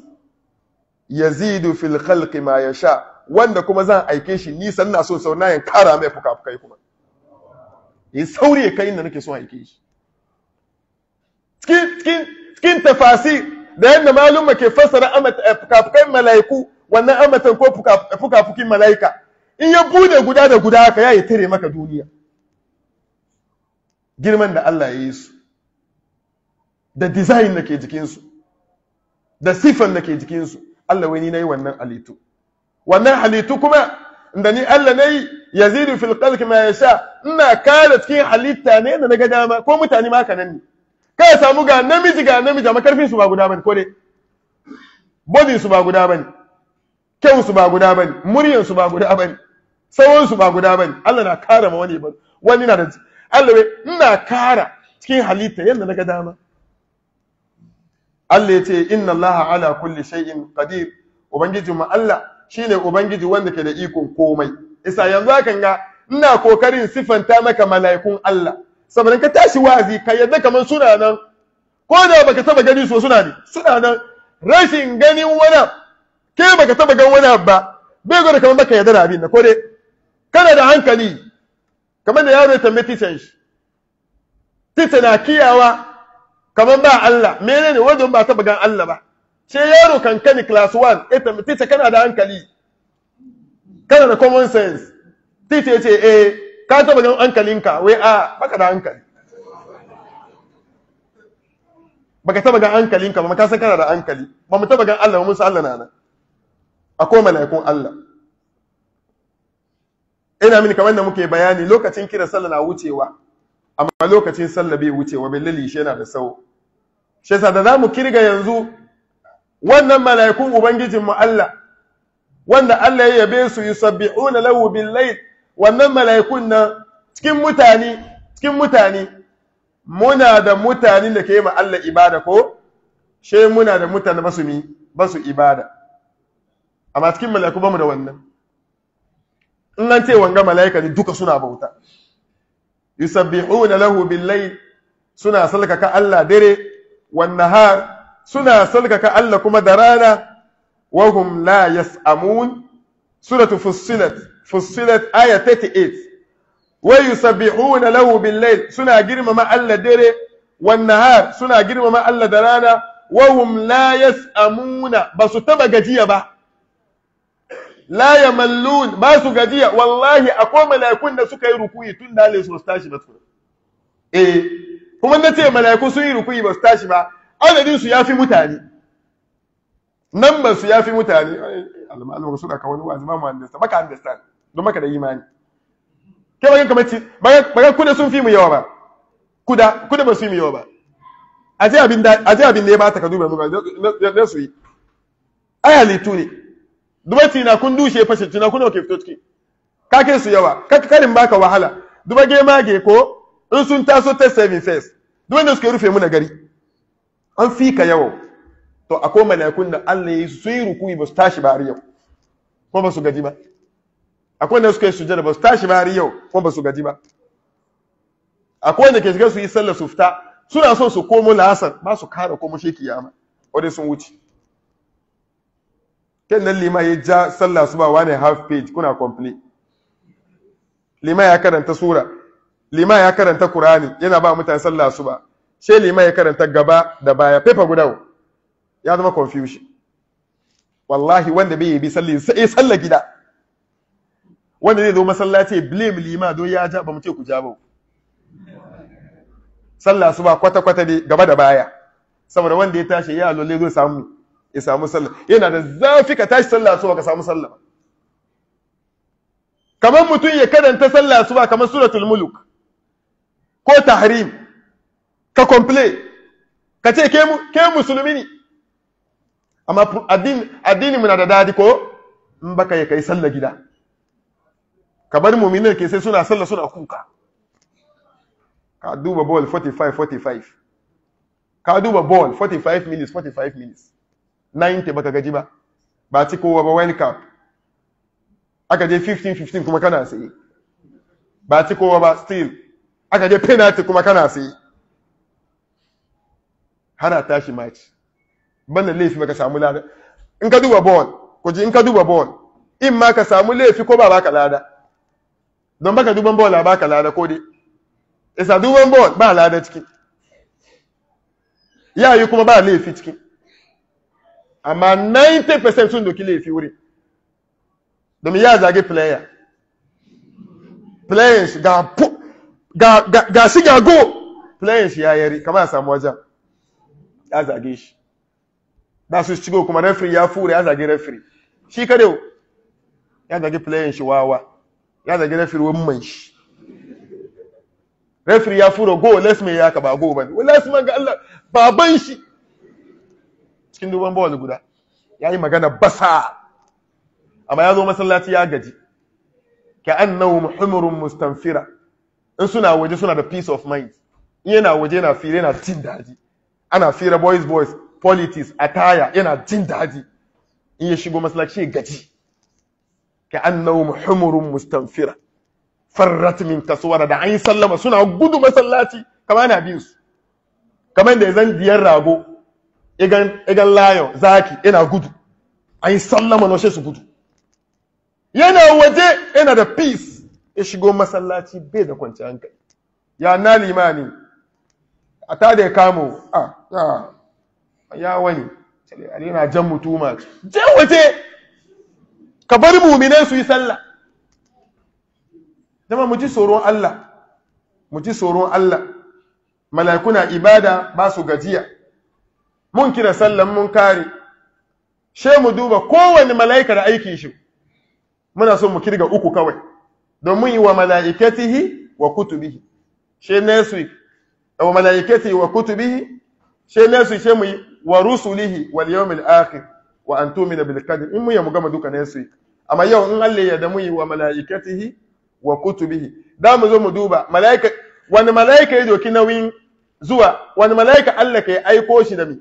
yazidu fil khalqi ma yasha wanda kuma zan aike shi ni san na so sau na yan kara mai fuka-fukai kuma yi sauri ya kai inda nake so aike shi cikin tafasi da yadda malumma ke fassara eh, fuka-fukan mala'iku wannan amatan ko fuka-fukin mala'ika in ya bude guda da guda haka ya tare maka duniya girman da Allah ya yi su da design da ke jikinsu da sifan da ke jikinsu Allah wani na yi wannan halittu wannan halittu kuma da ni Allah na yi ya zidu filkal kuma ya sha ina kada cikin halitta ne da na gada dama ko mutane ma kanan ne kai ya samu ga namiji ga namiji amma karfin su ba guda bane ko ne bodin su ba guda bane kyau su ba guda bane muryan su ba guda bane sawon su ba guda bane Allah na kara ma wani ba wani na da Allah ina kara cikin halitta yadda na ga dama Allah ya ce inna Allah ala kulli shay'in qadir ubangiji mu Allah ne ubangiji wanda ke da ikon komai isa yanzu hakan ga ina kokarin sifanta maka mala'ikun Allah saboda ka tashi wazi ka yadda kaman suna nan ko da baka taba gani so suna ne suna nan rashin ganin wani ke baka taba gan wani ba bai gwada kaman baka yadda da abin da ko dai kana da hankali kamar da yaro ya tambaye titan shi titan na kiyawa kamar ba Allah ne wanda ba ta bugan Allah ba ce yaro kankani class 1 ya tambaye kana da hankali kana da common sense titan ya ce eh ka taba gan hankalinka wai a ah, baka da hankali baka taba gan hankalinka ba ka san kana da hankali ba mu taba gan Allah ba mun san Allah na nan akwai mala'ikun Allah ina mini kamar da muke bayani lokacin kira sallah na wucewa amma lokacin sallah bai wucewa bai shi yana da sau shi yasa da zamu kirga yanzu wannan mala'ikun ubangijin mu Allah wanda Allah ya yabe su yusabbihuna lahu bil layl wannan mala'ikun nan cikin mutane cikin mutane muna da mutane da ke yi ma Allah ibada ko shi muna da mutane basu mi basu ibada amma cikin mala'iku bamu da wannan in ce wanga mala'ika ne duka suna bauta yusabbihuna lahu bil-layl suna salkaka Allah dare wan nahar suna salkaka Allah kuma da rana wa hum la yas'amun suratu fussilat fussilat aya 38 wa yusabbihuna lahu bil-layl suna girmama Allah dare wan nahar suna girmama Allah da rana wa hum la yas'amuna basu taba gajiya ba la ya mallun ba su gajiya wallahi akwai mala'ikun da suka yi rukuyi tun da Allah su tashi ba tukuna eh kuma na ce mala'iku sun yi rukuyi ba su tashi ba adadin su yafi mutane nan ba su yafi mutane almalu su da kawani ba mu understand baka understand don maka da imani ke bakin kamar ci baka kuda sun fi mu yawa ba kuda kuda ba su yi mu yawa ba aje abin da aje abin da ya bata ka duba zuwa da su yi ai halittu ne duba tina kun dushe fashe tina kun ke fito ciki ka kai su yawa ka karin baka wahala duba ge mage ko in sun taso ta seven face duba inda suke rufe muna gari an fi ka yawo to na kun da Allah ya yi su yi rukuni ba su tashi ba yau ko ba su gaji ba akwai ne suka yi sujjada ba su tashi ba yau ko ba su gaji ba akwai ne ke shiga su yi sallah su fita suna son su komo la'asar ba su kara komo shi kiyama wadai sun wuce ken nan lima ya ja sallah su ba wani half page kuna complete lima ya karanta sura lima ya karanta qur'ani yana ba mutane sallah su ba sai lima ya karanta gaba da baya paper guda ya zama confusion wallahi wanda bai bi sallah sai sallah gida wanda zai zo masallaci blame lima don ya ja ba mu ce ku ja ba sallah su ba kwata kwata ne gaba da baya saboda wanda ya tashi ya lalle zo samu ya samu sallah yana da zafi ka tashi sallah asuba ka samu sallah kamar mutum ya karanta sallah asuba kamar suratul muluk ko tahrim ka komple ka ce ke ke musulmi ne amma addini addini muna da dadi ko in baka ya kai sallah gida ka bar mu'minin ke sai suna sallah suna kuka ka duba ball 45 45 ka duba ball 45 minutes 45 minutes 90 baka gaji ba ba ti kowa ba world cup aka je 15-15 kuma kana sai ba ti kowa ba still aka je penalty kuma kana sai hana tashi match banda laifi baka samu lada in ka duba ball ku ji in ka duba ball in ma ka samu laifi ko ba baka lada don baka duban ball ba ka lada ko dai isa duban ball ba lada ciki yayi kuma ba laifi ciki amma 90% sun doki laifi wuri domin ya zage player players ga ga ga, ga shi ga go players ya yari kama ya samu wajen ya zage shi da su shigo kuma referee ya fure ya zage referee shi kadai ya zage players shi wawa ya zage referee man shi referee ya fure go lesman ya ka ba go bane man ga Allah baban shi cikin duban bawal guda ya yi magana basa amma ya zo masallaci ya gaji ka annahum humurun mustanfira in suna waje suna da peace of mind yana waje yana fira yana jin daji ana fira boys boys politics attire yana jin daji in ya shigo masallaci ya gaji ka annahum humurun mustanfira farrat min taswara da an yi sallama suna gudu masallaci kamar yana biyu su kamar da ya zan biyar rago igan layon zaki yana gudu a yi sallama na su gudu yana waje yana da peace ya shigo masallaci bai da kwanci hankali ya na limani a ta da ya kamo a ah, ah, ya wani yana jan mutu ma. je waje ka bar muminai su yi sallah zama mu ji tsoron Allah mu ji tsoron Allah malakuna ibada ba su gajiya mun kira sallan mun kare she mu duba kowane mala'ika da aikin shi muna so mu kirga uku kawai don mun yi wa mala'ikatihi wa kutubihi she next week wa mala'ikatihi wa kutubihi she next she mu wa rusulihi wal yawmil akhir wa an tumina bil qadr in mu ya mu gama duka next week amma yau in Allah ya da mu yi wa mala'ikatihi wa kutubihi da mu zo mu duba mala'ika wani mala'ika ya doki nauyin zuwa wani mala'ika Allah ka aiko shi da mu?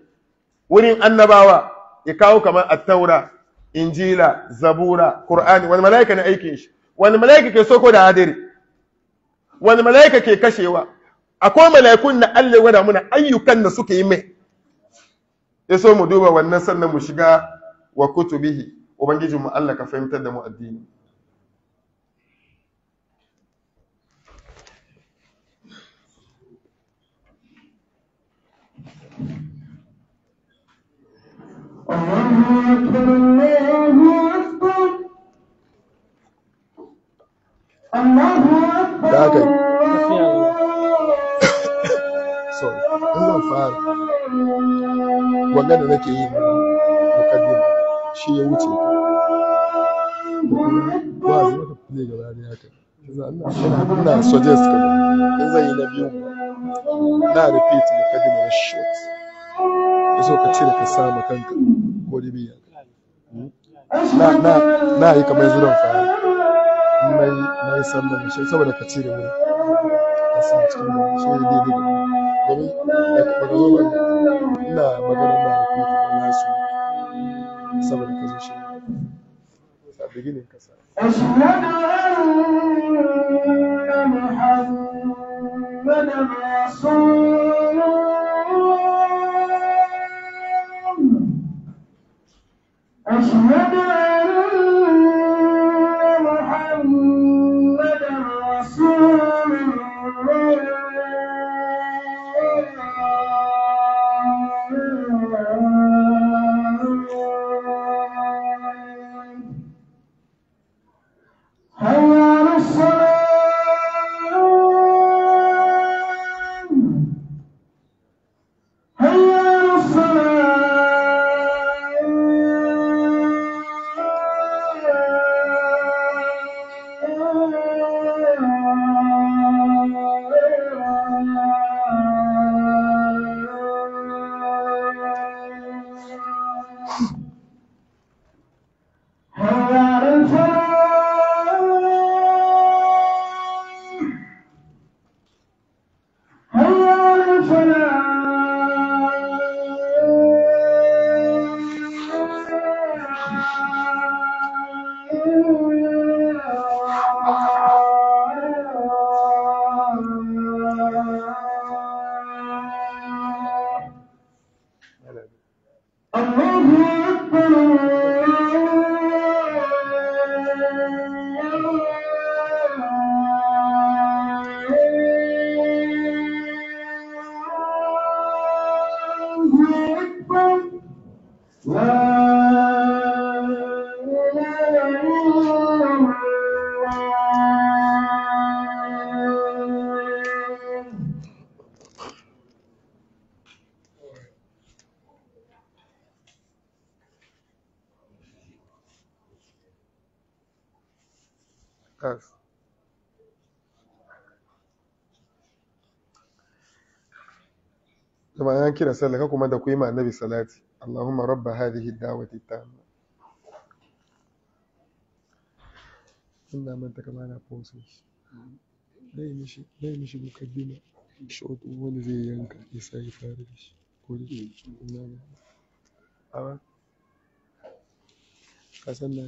wurin annabawa ya kawo kamar attaura injila zabura qur'ani wani mala'ika ne aikin shi wani mala'ika ke soko da hadiri wani mala'ika ke kashewa akwai mala'ikun na Allah gwada muna ayyukan da suka yi mai ya so mu duba wannan sannan mu shiga wa kutubihi ubangijinmu Allah ka fahimtar da mu addini Da sorry suggest na repeat na short ya so ka cire ka sama kanka ko da na na na yi kamar zuran fara mai mai sallan shi saboda ka cire wuri ka sa cikin da shi ne daidai domin ba ka zo ba ina magana na rufe kamar nasu saboda ka zo shi a beginning ka sa and surrender all earth. jama'a an kira sallah kuma da ku yi ma annabi salati allahumma rabba hadhihi da'wati tamma ina manta dai mishi dai mishi wani zai yanka ya ya fara shi ko ka san na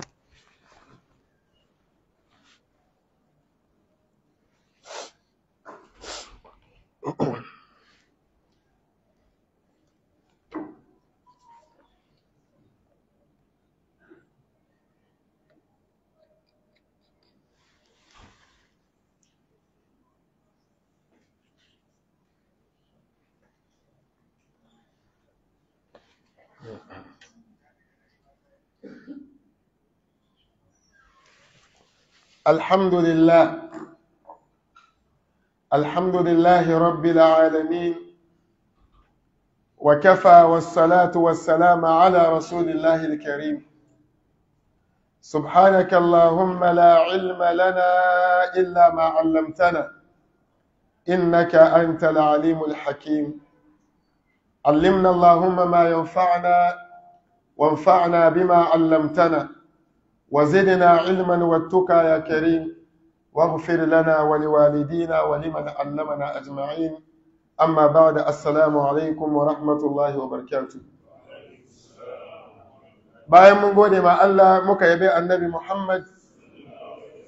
الحمد لله الحمد لله رب العالمين وكفى والصلاة والسلام على رسول الله الكريم سبحانك اللهم لا علم لنا إلا ما علمتنا إنك أنت العليم الحكيم علمنا اللهم ما ينفعنا وانفعنا بما علمتنا وزدنا علما واتقى يا كريم واغفر لنا ولوالدينا ولمن علمنا أجمعين أما بعد السلام عليكم ورحمة الله وبركاته bayan mun gode ma Allah muka yabe annabi Muhammad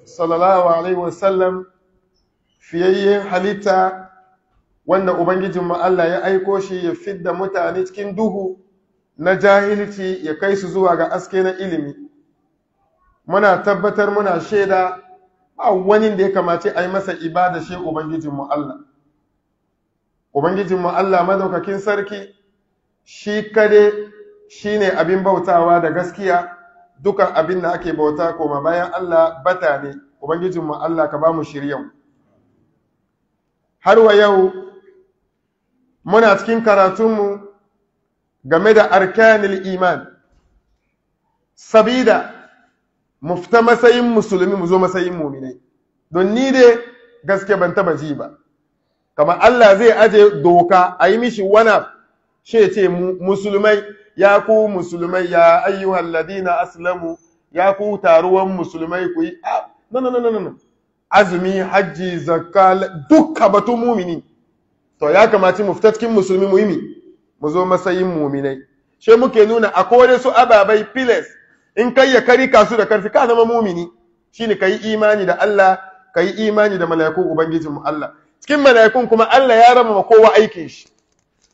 sallallahu alaihi wasallam fiyayyen halitta wanda ubangijin mu Allah ya aiko shi ya fidda mutane cikin duhu na jahilci ya kai su zuwa ga aske na ilimi muna tabbatar muna shaida a wani da ya kamace a yi masa ibada shi Ubangijinmu Allah. Ubangijinmu Allah madaukakin sarki shi kade shi ne abin bautawa da gaskiya dukan abin da ake bauta koma bayan Allah bata ne Ubangijinmu Allah ka ba mu shiryan. Har wa yau muna cikin karatunmu game da arkanil iman, sabida mu fita matsayin musulmi mu zo matsayin muminai don ni dai gaske ban taba ji ba kamar Allah zai aje doka a yi mishi wana ce ce musulmai ya ku musulmai ya ayyuhal ladina aslamu ya ku taruwan musulmai ku yi a azumi hajji zakka dukka batun mumini to ya kamaci mu fita cikin musulmi muhimmi mu zo matsayin muminai she muke nuna a kore su ababai pilas in kai ya kari kasu da karfi ka zama mumini shine kai imani da Allah kai imani da mala'ikun ubangijin mu Allah cikin mala'ikun kuma Allah ya rama kowa aikin shi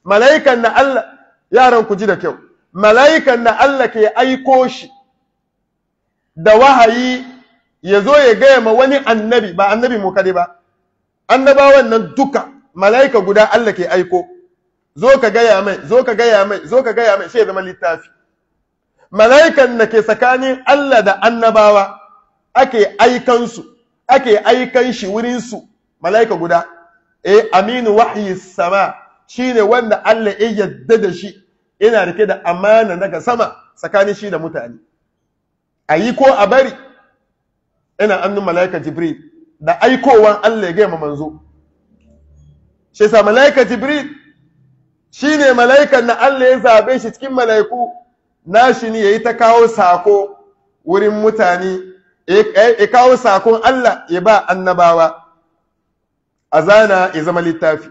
mala'ikan na Allah yaran ku ji da kyau mala'ikan na Allah ke aiko shi da wahayi ya zo ya gaya ma wani annabi ba annabi mu kade ba annabawan nan duka mala'ika guda Allah ke aiko zo ka gaya mai zo ka gaya mai zo ka gaya mai sai ya zama littafi mala'ikan da ke tsakanin Allah da annabawa ake aikansu ake aikan shi wurinsu mala'ika guda eh aminu wahyi sama shine wanda Allah ya yadda da shi ina rike da amana daga sama tsakanin shi da mutane ayi ko a bari ina annun mala'ika jibril da aikowan Allah ya gaya manzo shi sa mala'ika jibril shine mala'ikan da Allah ya zabe shi cikin mala'iku nashi ne yi ta kawo sako wurin mutane ya kawo sakon Allah ya ba annabawa a zana ya zama littafi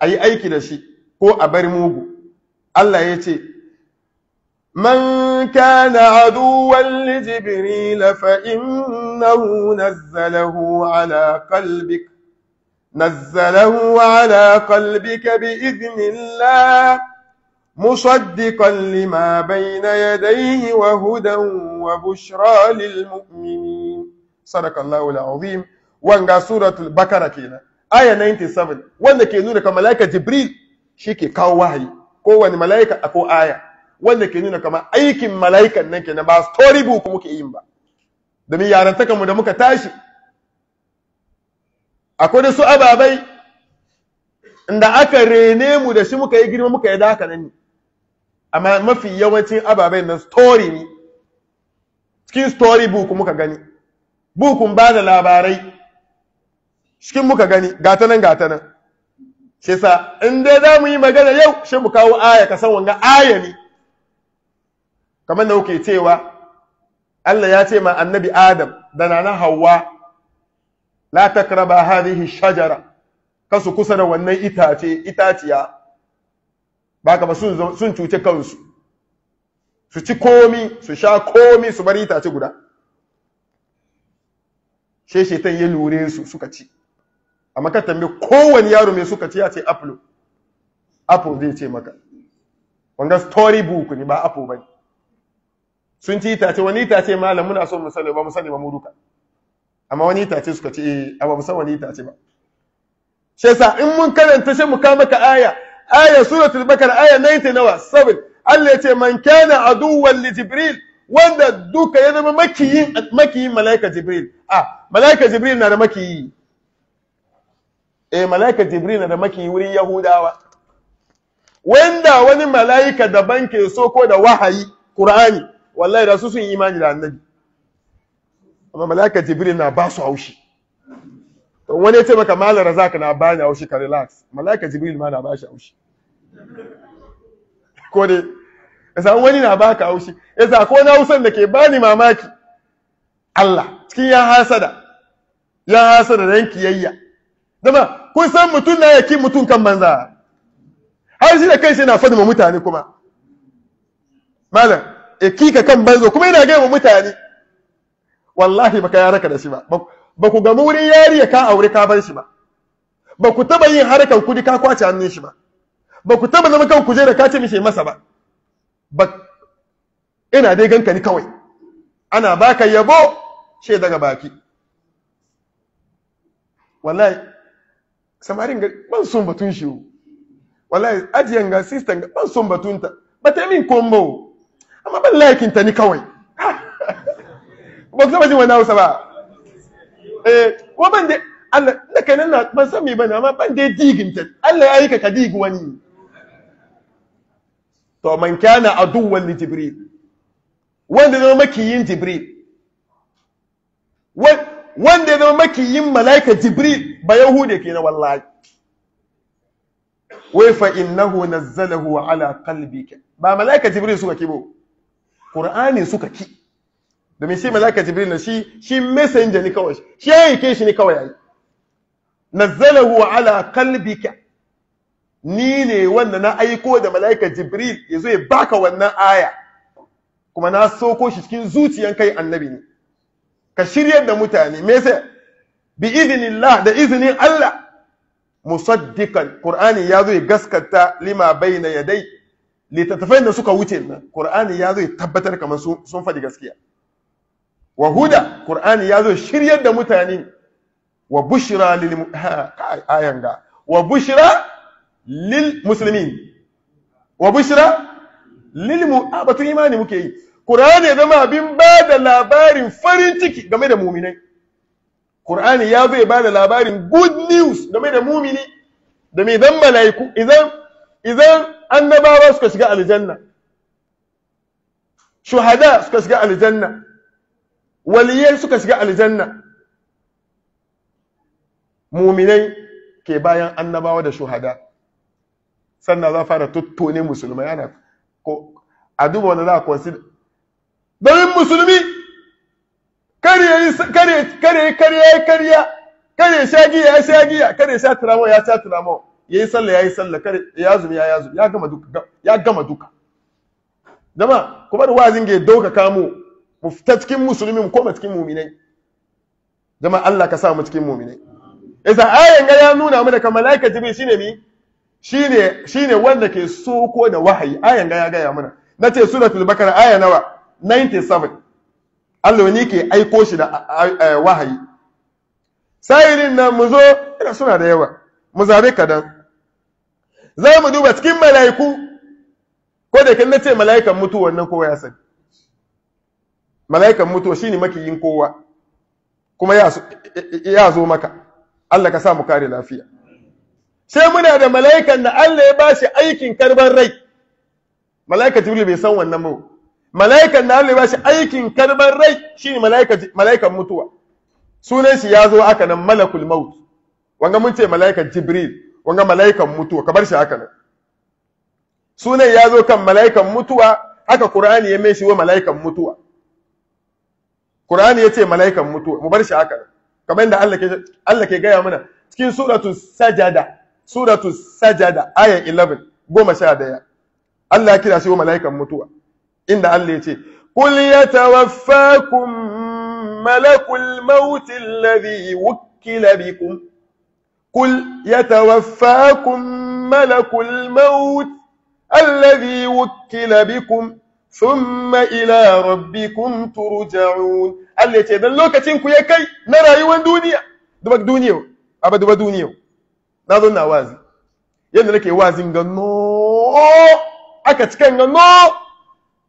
a yi aiki da shi ko a bari mugu Allah ya ce man kana aduwan li jibril fa innahu nazzalahu ala qalbik nazzalahu ala qalbika bi idnillah مصدقا لما بين يديه وهدى وبشرى للمؤمنين صدق الله العظيم wanga suratul bakara kenan aya 97 wanda ke nuna kamar malaika jibril shi ke kawo wahayi kowane malaika ko aya wanda ke nuna kamar aikin malaikan nan kenan ba story book muke yin ba domin yarantaka mu da muka tashi akwai da su ababai inda aka rene mu da shi muka yi girma muka yi da haka nan amma mafi yawancin ababen na story ne cikin story book muka gani bukun ba da labarai cikin muka gani gata nan gata shi sa in dai za mu yi magana yau shi mu kawo aya ka san wanga aya ne kamar da kuke cewa Allah ya ce ma annabi Adam da nana hawa la takraba hadhihi shajara kasu kusa da wannan itace itaciya ba ka ba sun cuce kansu su ci komi su sha komi su bari itace guda she shetan ya lure su suka ci amma ka tambaye kowani yaro mai suka ci ya ce apple apple zai ce maka wanda story book ne ba apple bane sun ci itace wani itace malam muna so mu sani ba mu sani ba mu duka amma wani itace suka ci eh amma mu san wani itace ba shi in mun karanta shi mu ka maka aya aya suratul البكرة aya 90 nawa 7 Allah ya ce man kana aduwwan li jibril wanda duka ya zama makiyin makiyin malaika jibril a malaika jibril na da makiyi eh malaika jibril na da makiyi wurin yahudawa wanda wani malaika daban ke so ko da wahayi Ƙur'ani, wallahi da sun imani da annabi wani ya ce maka malar razaka na bani aushi ka relax malaika jibril ma na bashi aushi. ko dai yasa wani na baka haushi za ko na hausan da ke bani mamaki Allah cikin ya hasada ya hasada dan kiyayya dama kun san mutum na yaki mutum kan manza. har shi da kai shi na fadi mutane kuma malam kika kan banzo kuma yana gaya mutane wallahi baka ya raka da shi ba ba ku gamu wurin yari ya ka aure ka bar shi ba ba ku taba yin harkar kudi ka kwace hannun shi ba ba ku taba zama kan kujera ka ce mishe masa ba ba ina dai ganka ni kawai ana baka yabo she daga baki wallahi samarin ga ban son batun shi wallahi ajiyan ga sister ga ban son ta. ba ta min kombo amma ban like ta ni kawai ba ku taba jin wani hausa ba eh ko ban dai Allah na kai nan ban san me bane amma ban dai diginta. Allah ya yi ka ka digi wani to man kana aduwwan li jibril wanda zama makiyin jibril wanda zama makiyin malaika jibril ba yahude na wallahi wai fa innahu nazzalahu ala qalbika ba malaika jibril suka kibo qur'ani suka ki Da me shi malaika jibril na shi shi messenger ne kawai shi yake shi ne kawai nazzalahu ala qalbika ni ne wanda na aiko da mala'ika jibril ya zo ya baka wannan aya kuma na soko shi cikin zuciyan kai annabi ne ka shiryar da mutane me sai bi idinillah da izinin Allah musaddiqan qur'ani ya zo ya gaskata lima bayna yadai littattafai da suka wuce nan qur'ani ya zo ya tabbatar kamar sun faɗi gaskiya wa huda qur'ani ya zo shiryar da mutane wa bushra lil ayanga wa bushra lil musulmin, wa bushra lil mu'abatu imani muke yi qur'ani ya zama abin ba da labarin farin ciki game da muminai qur'ani ya zo ya ba da labarin good news game da mumini da mai zan malaiku idan idan annabawa suka shiga aljanna shuhada suka shiga aljanna waliyai suka shiga aljanna muminai ke bayan annabawa da shuhada sannan za fara tattone musulmai ana ko a duba wanda za a consider domin musulmi kare kare kare kariya kare kariya, giya ya sha giya kare sha turamo ya sha turamo ya yi sallah ya yi sallah kare ya zumi ya yazu ya gama duka ya gama duka jama kuma da wazin ga dauka kamo mu fita cikin musulmi mu koma cikin mu'minai dama Allah ka sa mu cikin mu'minai idan ayan ga ya nuna mana kamar malaika jibril shine mi shine shine wanda ke soko da wahayi ayan ga ya gaya mana nace suratul bakara aya nawa 97 Allah ne ke aiko shi da wahayi sayirin nan mu zo ina suna da yawa mu zabe kadan za mu duba cikin mala'iku ko da kin nace mala'ikan mutu wannan kowa ya sani mala'ikan mutu shine makiyin kowa kuma ya zo maka Allah ka sa mu kare lafiya sai muna da mala'ikan da Allah ya ba shi aikin karban rai mala'ika jibril bai san wannan ba mala'ikan da Allah ya ba shi aikin karban rai shine mala'ika mala'ikan mutuwa sunan shi ya zo nan malakul maut wanga mun ce mala'ikan jibril wanga mala'ikan mutuwa ka bar shi haka nan sunan ya zo kan mala'ikan mutuwa haka qur'ani ya mai shi wa mala'ikan mutuwa qur'ani ya ce mala'ikan mutuwa mu bar shi haka nan kamar yadda Allah ke Allah ke gaya mana cikin suratul sajada suratu sajada aya 11 goma sha daya Allah ya kira shi wa mala'ikan mutuwa inda Allah ya ce kul yatawaffakum malakul maut alladhi wukkila bikum kul yatawaffakum malakul maut alladhi wukkila bikum thumma ila rabbikum turja'un Allah ya ce dan lokacin ku ya kai na rayuwar duniya duba duniya aba duba duniyar. na na wazi yadda nake wazin ga no aka cikin ga no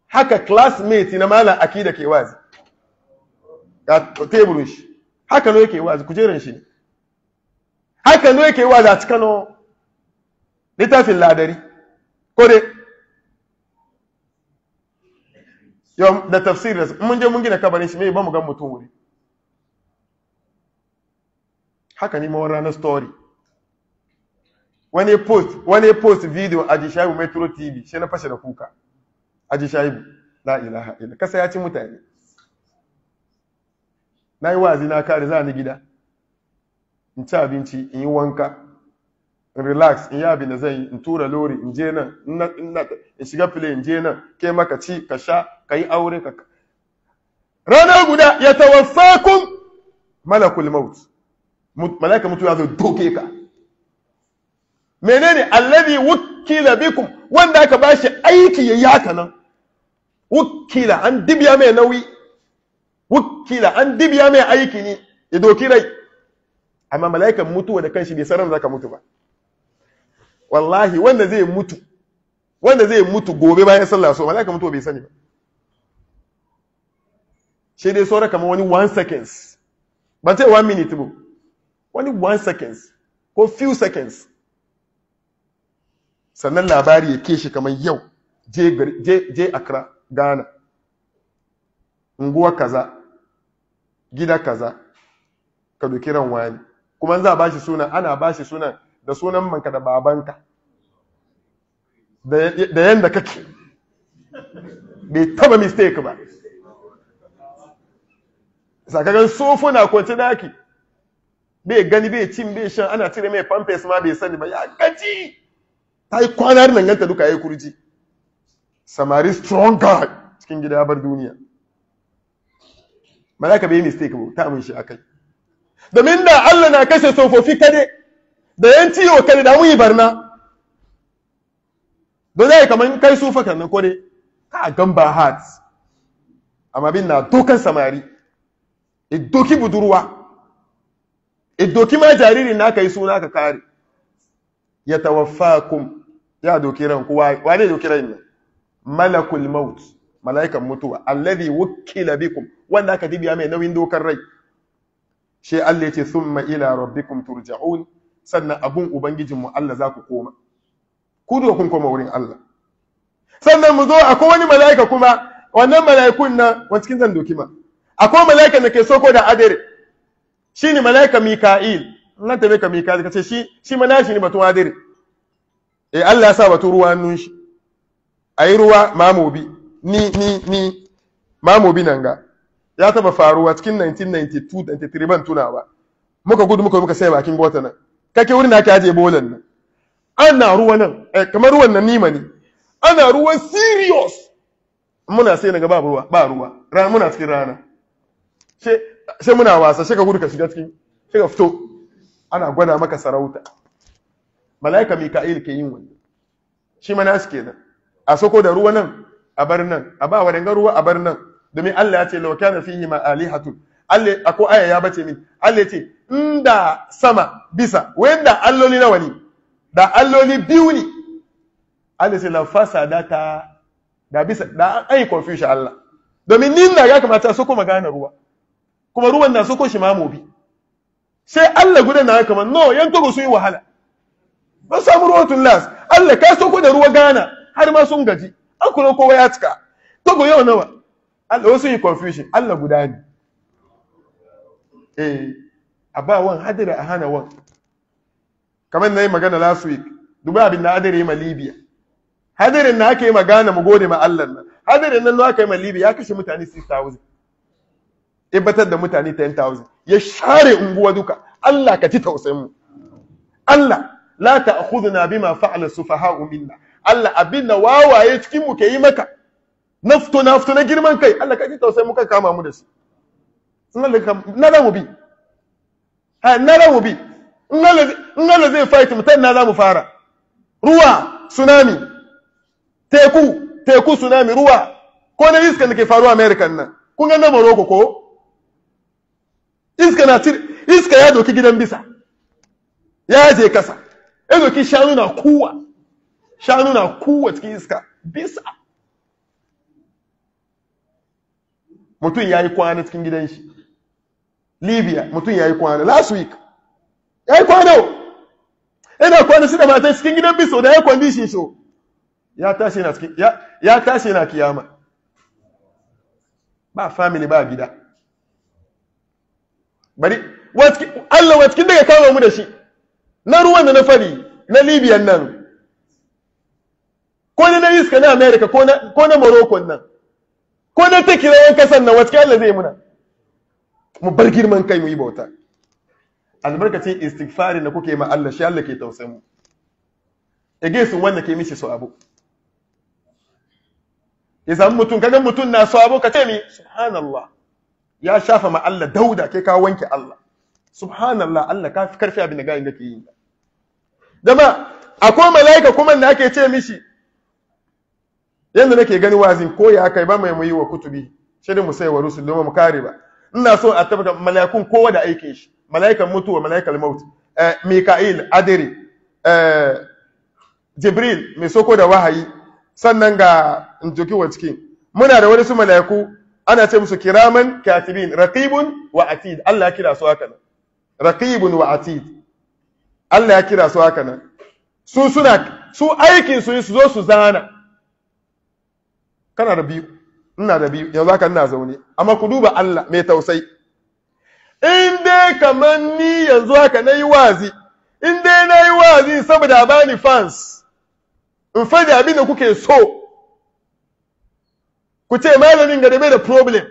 haka classmate na mala akida ke wazi ga teburin shi haka no yake wazi kujeran shi ne haka no yake wazi a cikin no littafin ladari ko dai yau da tafsir da mun je mun gina kabarin shi me ba mu ga mutum wuri haka ne ma wannan story wani post wani post video a jishaibu metro tv shi na fashe da kuka a jishaibu la ilaha illa kasa ya ci mutane na yi wazi na kare za ni gida in ci abinci in yi wanka in relax in yi abin da zan yi in tura lori in je nan in shiga fili in je nan ke maka ci ka sha ka yi aure ka rana guda ya tawaffakun malakul maut malaka mutu ya zo doke ka menene allazi wukila bikum wanda aka bashi aiki ya yaka nan wukila an dibiya mai nauyi wukila an dibiya mai aiki ne ya doki rai amma mala'ikan mutuwa da kanshi bai sarar zaka mutu ba wallahi wanda zai mutu wanda zai mutu gobe bayan sallah so mala'ikan mutuwa bai sani ba shi dai saura kamar wani one seconds ba sai one minute ba wani one seconds ko few seconds sannan labari ya ke shi kamar yau je akra ghana unguwa kaza gida kaza ka doki ranwani. kuma za a shi suna, ana ba shi sunan da sunan manka da babanka da yadda kake bai taba mistake ba sakagan sofuna kwanci daki bai gani bai cin bai shan ana cire mai pampers ma bai sani ba ya gaji ta yi kwanar nan ganta duka yi kurji samari strong guard cikin gida ya bar duniya malaka bai mistake ba ta amince akai domin da Allah na kashe sofofi kade da yan ciwo kade da mu yi barna don zai kamar kai sufa kan ko ne ka gamba heart amma bin na dokan samari idoki budurwa idoki ma jaririn naka yi suna ka kare ya tawaffakum ya doki ran kowa wane doki ran ne malakul maut malaikan mutuwa alladhi wukkila bikum wanda aka dibiya mai nauyin dokar rai shi Allah yace thumma ila rabbikum turja'un sannan abun ubangijin mu Allah za ku koma ku do kun koma wurin Allah sannan mu zo akwai wani malaika kuma wannan malaikun nan wa cikin zan doki ma akwai malaika da ke soko da adare shine malaika mika'il nan ta ka mika'il kace shi shi malaika ne batun adare E Allah ya sa batu ruwa hannun shi yi ruwa mamobi ni ni ni mamobi nan ga ya taba faruwa cikin 1992 93 ban tuna ba muka gudu muka muka sai bakin gota nan kake wurin da ake aje bolan nan ana ruwa nan eh, kamar ruwan nan nima ne ana ruwan serious muna sai naga ba ruwa ba ruwa ran muna cikin rana sai muna wasa sai ka gudu ka shiga cikin sai ka fito ana gwada maka sarauta mala'ika mika'il ke yin wani. shi ke nan. a soko da ruwa nan a bar nan a ba wadanga ruwa a bar nan domin Allah ya ce law fi fihi ma alihatun Allah ako aya ya bace min Allah ya ce inda sama bisa wanda alloli nawa ne da alloli biyu ne Allah sai la fasadata da bisa da an yi confusion Allah domin nin na ya kamata su kuma gane ruwa kuma ruwan na su ko shi ma mobi sai Allah gudan na kamar no yan togo su yi wahala ba samu ruwatun las Allah ka ku da ruwa gana har ma sun gaji an kula kowa ya cika togo yau nawa Allah wasu yi confusion Allah guda ne eh a ba wan hadira a hana wan kamar na yi magana last week duba abin da hadira yi ma Libya hadirin na aka yi magana mu gode ma Allah nan hadirin nan aka yi ma Libya ya kashe mutane 6000 ibatar da mutane 10000 ya share unguwa duka Allah ka ci tausayin mu Allah la ta'khudhna bima fa'ala sufaha'u minna Allah abin da wawaye cikin mu ke yi maka nafto nafto na girman kai Allah ka ji tausayi muka kama mu da su na da mu bi ha na mu bi in Allah zai fight mutan na za mu fara ruwa tsunami teku teku tsunami ruwa ko na iska da ke faruwa America nan kun ga na Morocco ko iska na iska ya doki gidan bisa ya je kasa ego ki shanu na kuwa shanu na kuwa cikin iska bisa mutum ya yi kwana cikin gidan shi libya mutum ya yi kwana last week ya yi kwana yana kwana shi da matan cikin gidan biso da ya kwandishin so ya tashi yana kiyama ba family ba gida bari Allah wa cikin daga kawo mu da shi na ruwan da na fari na libyan nan ko na iska na america ko na morocco nan ko na ta kirayen kasan nan wacce allah zai muna mu bar girman kai mu yi bauta Albarkaci istighfari na kuke ma allah shi allah ke tausayin mu against wanda ke mishi su abu ya samu mutum kaga mutum na so abu ka ce mi subhanallah ya shafa ma Allah dauda ke ka wanke Allah subhanallah Allah ka fi karfi abin da gani ke yi dama akwai mala'ika kuma da ake ce mishi yadda nake gani wazin ko ya kai ba mai muyi wa kutubi shirin mu wa rusul domin mu kare ba ina so a tabbata mala'ikun kowa da aike shi mala'ikan mutuwa mala’ikan maut eh, mika'il adiri eh, jibril mai soko da wahayi sannan ga njoki wa cikin muna da wani su mala'iku ana ce musu kiraman katibin raƙibun wa atid Allah kira su haka raƙibun wa atid Allah ya kira su haka nan su suna su aikin su su zo su zana kana da biyu ina da biyu yanzu haka ina zaune amma ku duba Allah mai tausayi in dai kamar ni yanzu haka na yi wazi in dai na yi wazi saboda bani fans in faɗi abin da kuke so ku ce malamin ga da problem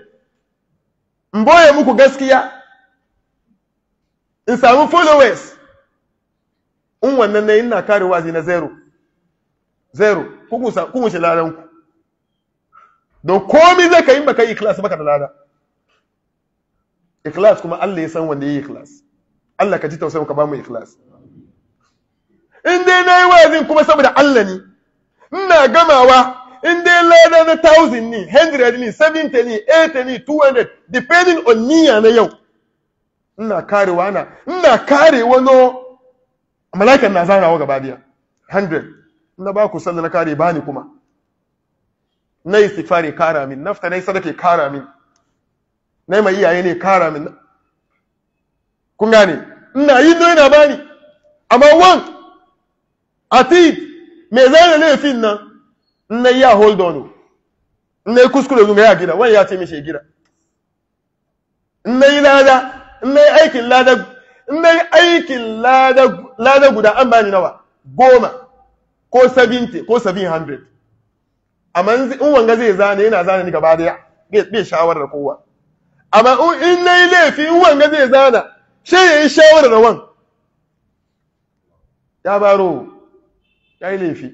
in boye muku gaskiya in samu followers in wannan ne ina kare wazi na zero zero kukun shi ladan ku don komi zai ka yi baka yi class baka da lada class kuma Allah ya san wanda ya yi class. Allah ka ji tausayin ka ba mu class. in dai na yi wazin kuma saboda Allah ne ina gamawa in dai lada na ni, ne 100 ne 70 ne ni, ne hundred, depending on niyya na yau ina karewa na ina karewa no mala'ikan na zanawa gaba biya 100 na ba ku sanda na kare bani kuma na istighfari kara min nafta na sadake kara min na mai iyaye ne kara min kun gane ina yi dai na bani amma wan ati me zai ne laifin nan na ya hold on na kuskure zunga ya gida wani ya ce mishi gida na yi lada na yi aikin lada in na yi aikin lada guda an bani nawa goma ko 70 ko 700 amma in wanga zai zane yana zane ni gaba daya bai shawarar kowa amma in na yi laifi in wanga zai zana shi ya yi shawarar wan ya baro ya yi laifi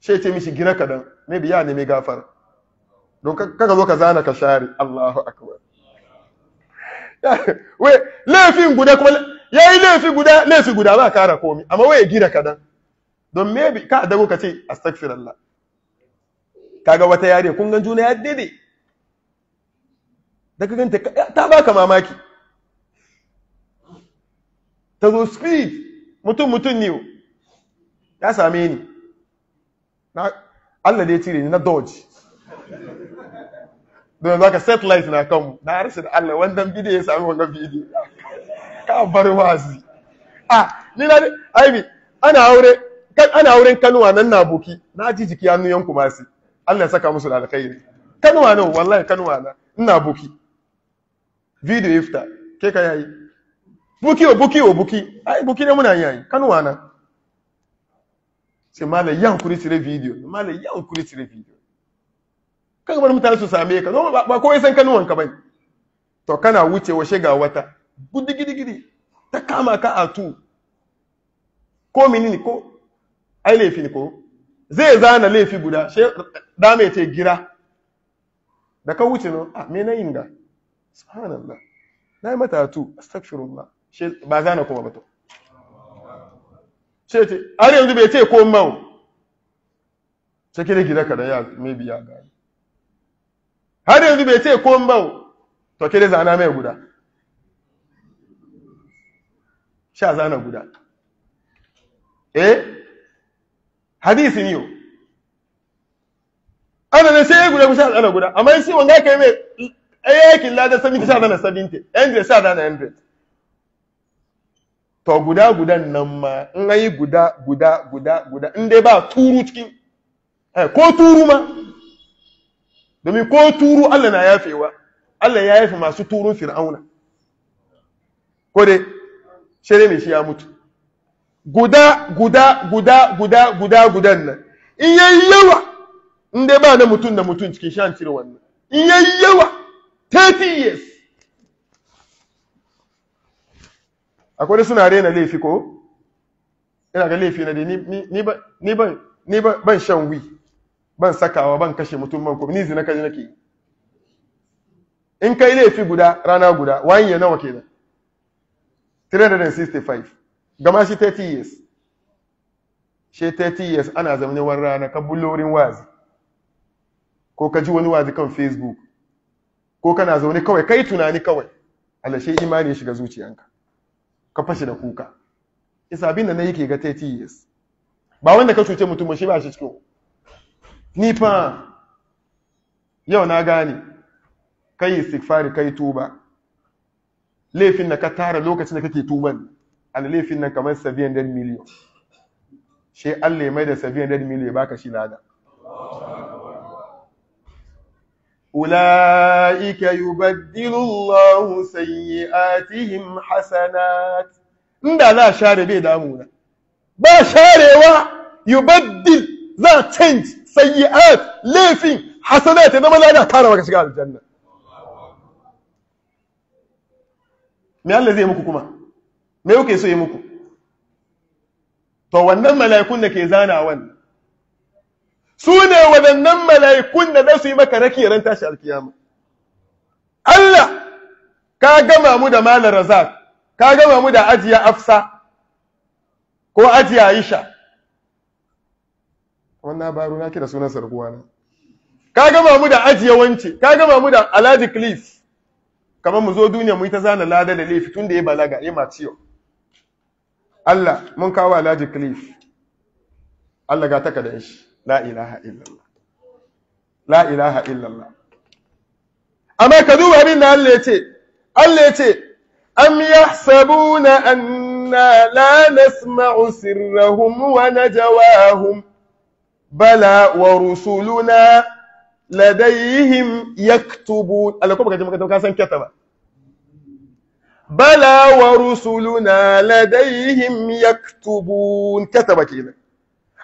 shi ce mishi gina kadan biya ne mai gafar. don kaka zo ka zana ka share Allahu akbar Eh, wai laifin guda kuma ya yi laifi guda laifi guda ba kara komi amma wai gira gina kadan don maybe ka dago ka ce astaghfirullah kaga wata yare kun gan juna ya dade daga ganta ta baka mamaki ta zo speed mutum mutum ne ya same ni Allah da ya cire ni na dodge don zaka satellite na kanmu na harshen Allah wannan bidiyo ya sami wannan bidiyo ka bar wazi a ni na aibi ana aure kan ana auren kanuwa nan na boki na ji jiki hannu yanku masi Allah ya saka musu da alkhairi kanuwa nan wallahi kanuwa na ina boki video ifta ke ka yayi buki o buki o buki ai buki ne muna yayi kanuwa na sai malai yan kuri tire video malai yan kuri tire video kaga bar mutane su same ka ba kowai san kanuwan ka bane to kana wucewa shiga wata gudigidigidi ta kama ka a tu ko menene ko ai laifi ne ko zai zana laifi guda she da mai ce gira da ka wuce no a me na yin da subhanallah na yi mata tu astaghfirullah she ba zana kuma ba to she ce har yanzu bai ce ko mau she kire ka da ya mebi ya gani har yanzu bai ce ko ba to ke dai zana mai guda sha zana guda eh hadisi ne ana ne sai guda ku sha zana guda amma siwon wanga kai mai ayyakin lada sami sha zana 70 100 sha zana 100 to guda guda nan ma in ayi guda guda guda guda in dai ba turu cikin eh, ko turu ma domin ko turu Allah na yafewa Allah ya yafe masu turun fir'auna ko dai shere mai shi ya mutu guda guda guda guda guda gudan nan in yayi yawa in dai ba na mutum da mutum cikin shan cire wannan in yayi yawa 30 years akwai suna rena laifi ko ina ga laifi na dai ni ban shan wi ban sakawa ban kashe mutum ban kuma ni zina kaji nake in kai laifi guda rana guda wani ya nawa kenan 365 gama shi 30 years shi 30 years ana zaune wani rana ka bullorin wazi ko ka ji wani wazi kan facebook ko kana zaune kawai kai tunani kawai alashe imani ya shiga zuciyanka ka fashe da kuka isa abin da na yi ke ga 30 years ba wanda ka cuce mutum shi ba shi cikin ni fa yau na gane kai istighfari kai tuba laifin da ka tara lokacin da kake tuban al laifin nan kamar 700 million she Allah ya mai da 700 million ba baka shi lada أولئك يبدل الله سيئاتهم حسنات inda za a share bai damuna ba sharewa yubaddil za a change sayyi'at laifin hasana da mala lada kare maka shiga aljanna me Allah zai muku kuma me yake so yi muku to wannan mala'ikun da ke zana wannan su ne waɗannan mala'ikun da za su yi maka raki ran tashi alkiyama Allah ka gama mu da malar razak ka gama mu da ajiya afsa ko ajiya aisha wannan baro na kira sunan sarkuwa na ka gama mu da ajiye wance ka gama mu da alhaji cliff kamar mu zo duniya mu yi ta zana lada da laifi tun da ya balaga ya maciyo Allah mun kawo alhaji cliff Allah ga da shi la ilaha illallah la ilaha illallah amma ka duba abin da Allah ya ce Allah ya ce am yahsabuna anna la nasma'u sirrahum wa najawahum bala wa rusuluna ladayhim yaktubun Allah baka ka san kataba bala wa rusuluna ladayhim yaktubun kataba kenan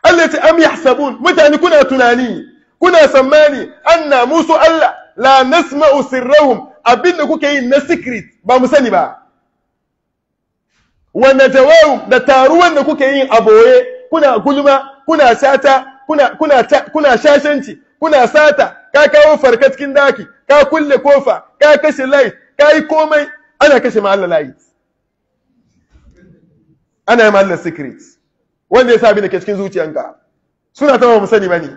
allati am yahsabun mutane kuna tunani kuna sammani anna musu Allah la nasma'u sirrahum abinda kuke yi na secret ba mu sani ba wa najawahum da taruwan da kuke yin aboye kuna gulma kuna sata kuna shashanci kuna sata ka kawo farka cikin daki ka kulle kofa ka kashe light ka yi komai ana kashe ma Allah light ana yi ma Allah secret wanda ya sa abin da ke cikin zuciyanka suna ta mu sani bane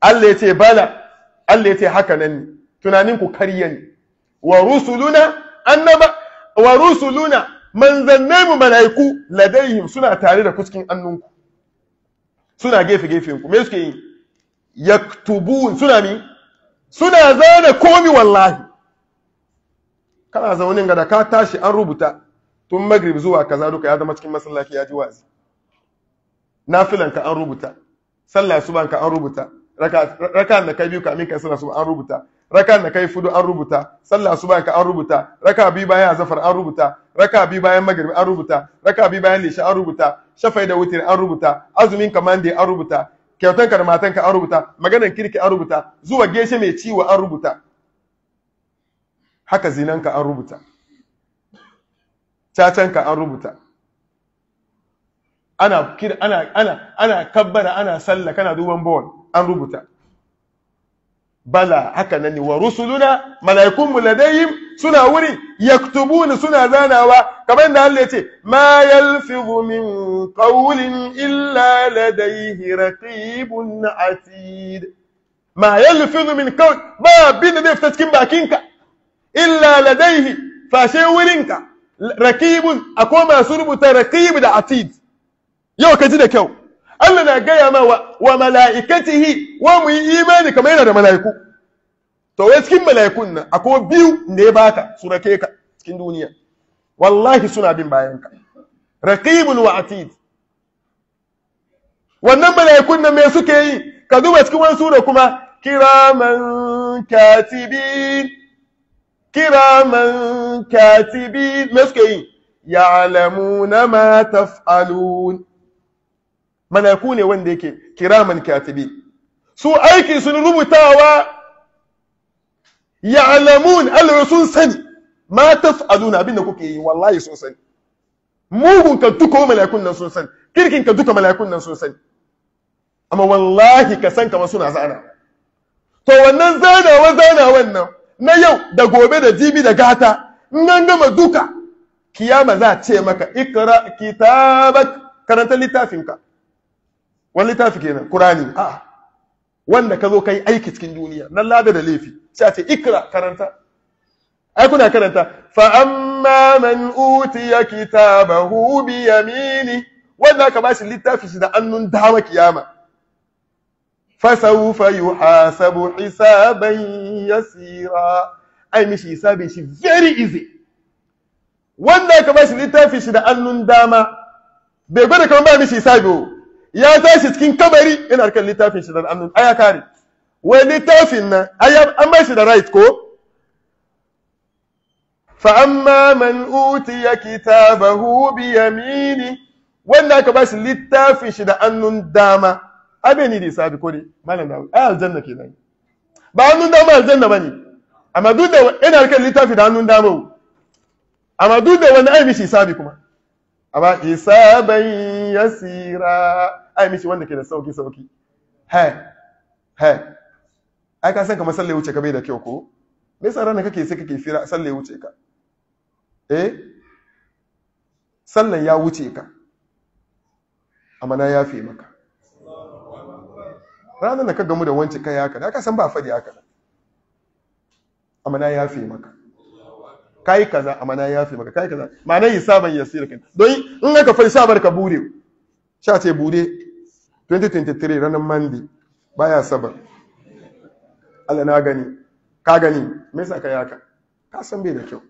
Allah ya ce bala Allah ya ce haka nan ne tunanin ku karya ne wa rusuluna annaba wa rusuluna manzannai mu malaiku ladaihim suna tare da ku cikin annunku suna gefe gefen ku me suke yi yaktubun suna mi suna zana komi wallahi kana zaune ga da ka tashi an rubuta tun magrib zuwa kaza duka ya zama cikin masallaci ya ji wazi nafilan ka an rubuta sallah suban ka an rubuta raka da kai biyu ka min kai suna suban an rubuta raka da kai fudu an rubuta sallah suban ka an rubuta raka bi bayan azafar an rubuta raka bi bayan magrib an rubuta raka bi bayan lisha an rubuta shafai da wutar an rubuta azumin kamande an rubuta kyautan ka da matan ka an rubuta maganan kirki an rubuta zuwa geshe mai ciwo an rubuta haka zinan ka an rubuta cacan ka an rubuta ana ana ana ana kabbara ana sallah kana duban ball an rubuta bala haka nan ne wa rusuluna malaikun mu ladayhim suna wurin yaktubuna suna zanawa kamar da Allah ya ce ma yalfizu min qawlin illa ladayhi raqibun atid ma yalfizu min qawl ba bin da fita cikin bakinka illa ladayhi fashe wurinka raqibun akwai masu rubuta raqib da atid yau ka ji da kyau Allah na gaya ma wa mala'ikatihi wa mu yi imani kamar yana da mala'iku to wai cikin mala'ikun nan akwai biyu ne ya baka surake ka cikin duniya wallahi suna bin bayan ka wa atid wannan mala'ikun nan me suke yi ka zuba cikin wani sura kuma kiraman katibin kiraman katibi, me suke yi ya'lamuna ma taf'alun malaku ne wanda yake kiraman katibi su aiki sun rubutawa ya'lamun Allah sun sani ma taf'aluna abinda kuke yi wallahi sun sani mugun ka duka malakun nan sun sani kirkin ka duka malakun nan sun sani amma wallahi ka san kamar suna zana to wannan zanawa zanawan nan na yau da gobe da jibi da gata nan gama duka kiyama za ce maka ikra kitabak karanta littafinka wani littafi kenan Qur'ani a ah. wanda ka zo kai aiki cikin duniya na lada da laifi sai a ce ikra karanta ai kuna karanta fa amma man utiya kitabahu bi yamini wanda aka shi littafi shi da annun dama kiyama fa sawfa yuhasabu hisaban yasira ai mishi hisabin shi very easy wanda aka shi littafi shi da annun dama bai gwada kamar ba mishi hisabi ya tashi cikin kabari Ina kan littafin shi da annun aya kare wai littafin nan an bai shi da right ko fa amma man utiya kitabahu bi yamini wanda aka bashi littafin shi da annun dama abeni da sabi ko ne malam dawo ai aljanna kenan ba annun dama aljanna bane amma duk da ina kan littafi da annun dama amma duk da wani ai shi sabi kuma amma isaban yasira ai mishi wanda ke da sauki sauki he he ai ka san kamar salle wuce ka bai da kyau ko me yasa ranar kake sai kake fira salle wuce ka eh sallan ya wuce ka amma na yafe maka ranar da ka gamu da wance kai haka da ka san ba fadi haka amma na yafe maka kai kaza amma na yafe maka kai kaza ma'ana yi saban kin don in aka fa sabar ka bure sha ce bure 2023 ranar mandi baya sabar ala na gani ka gani me yasa ka yaka ka san bai da kyau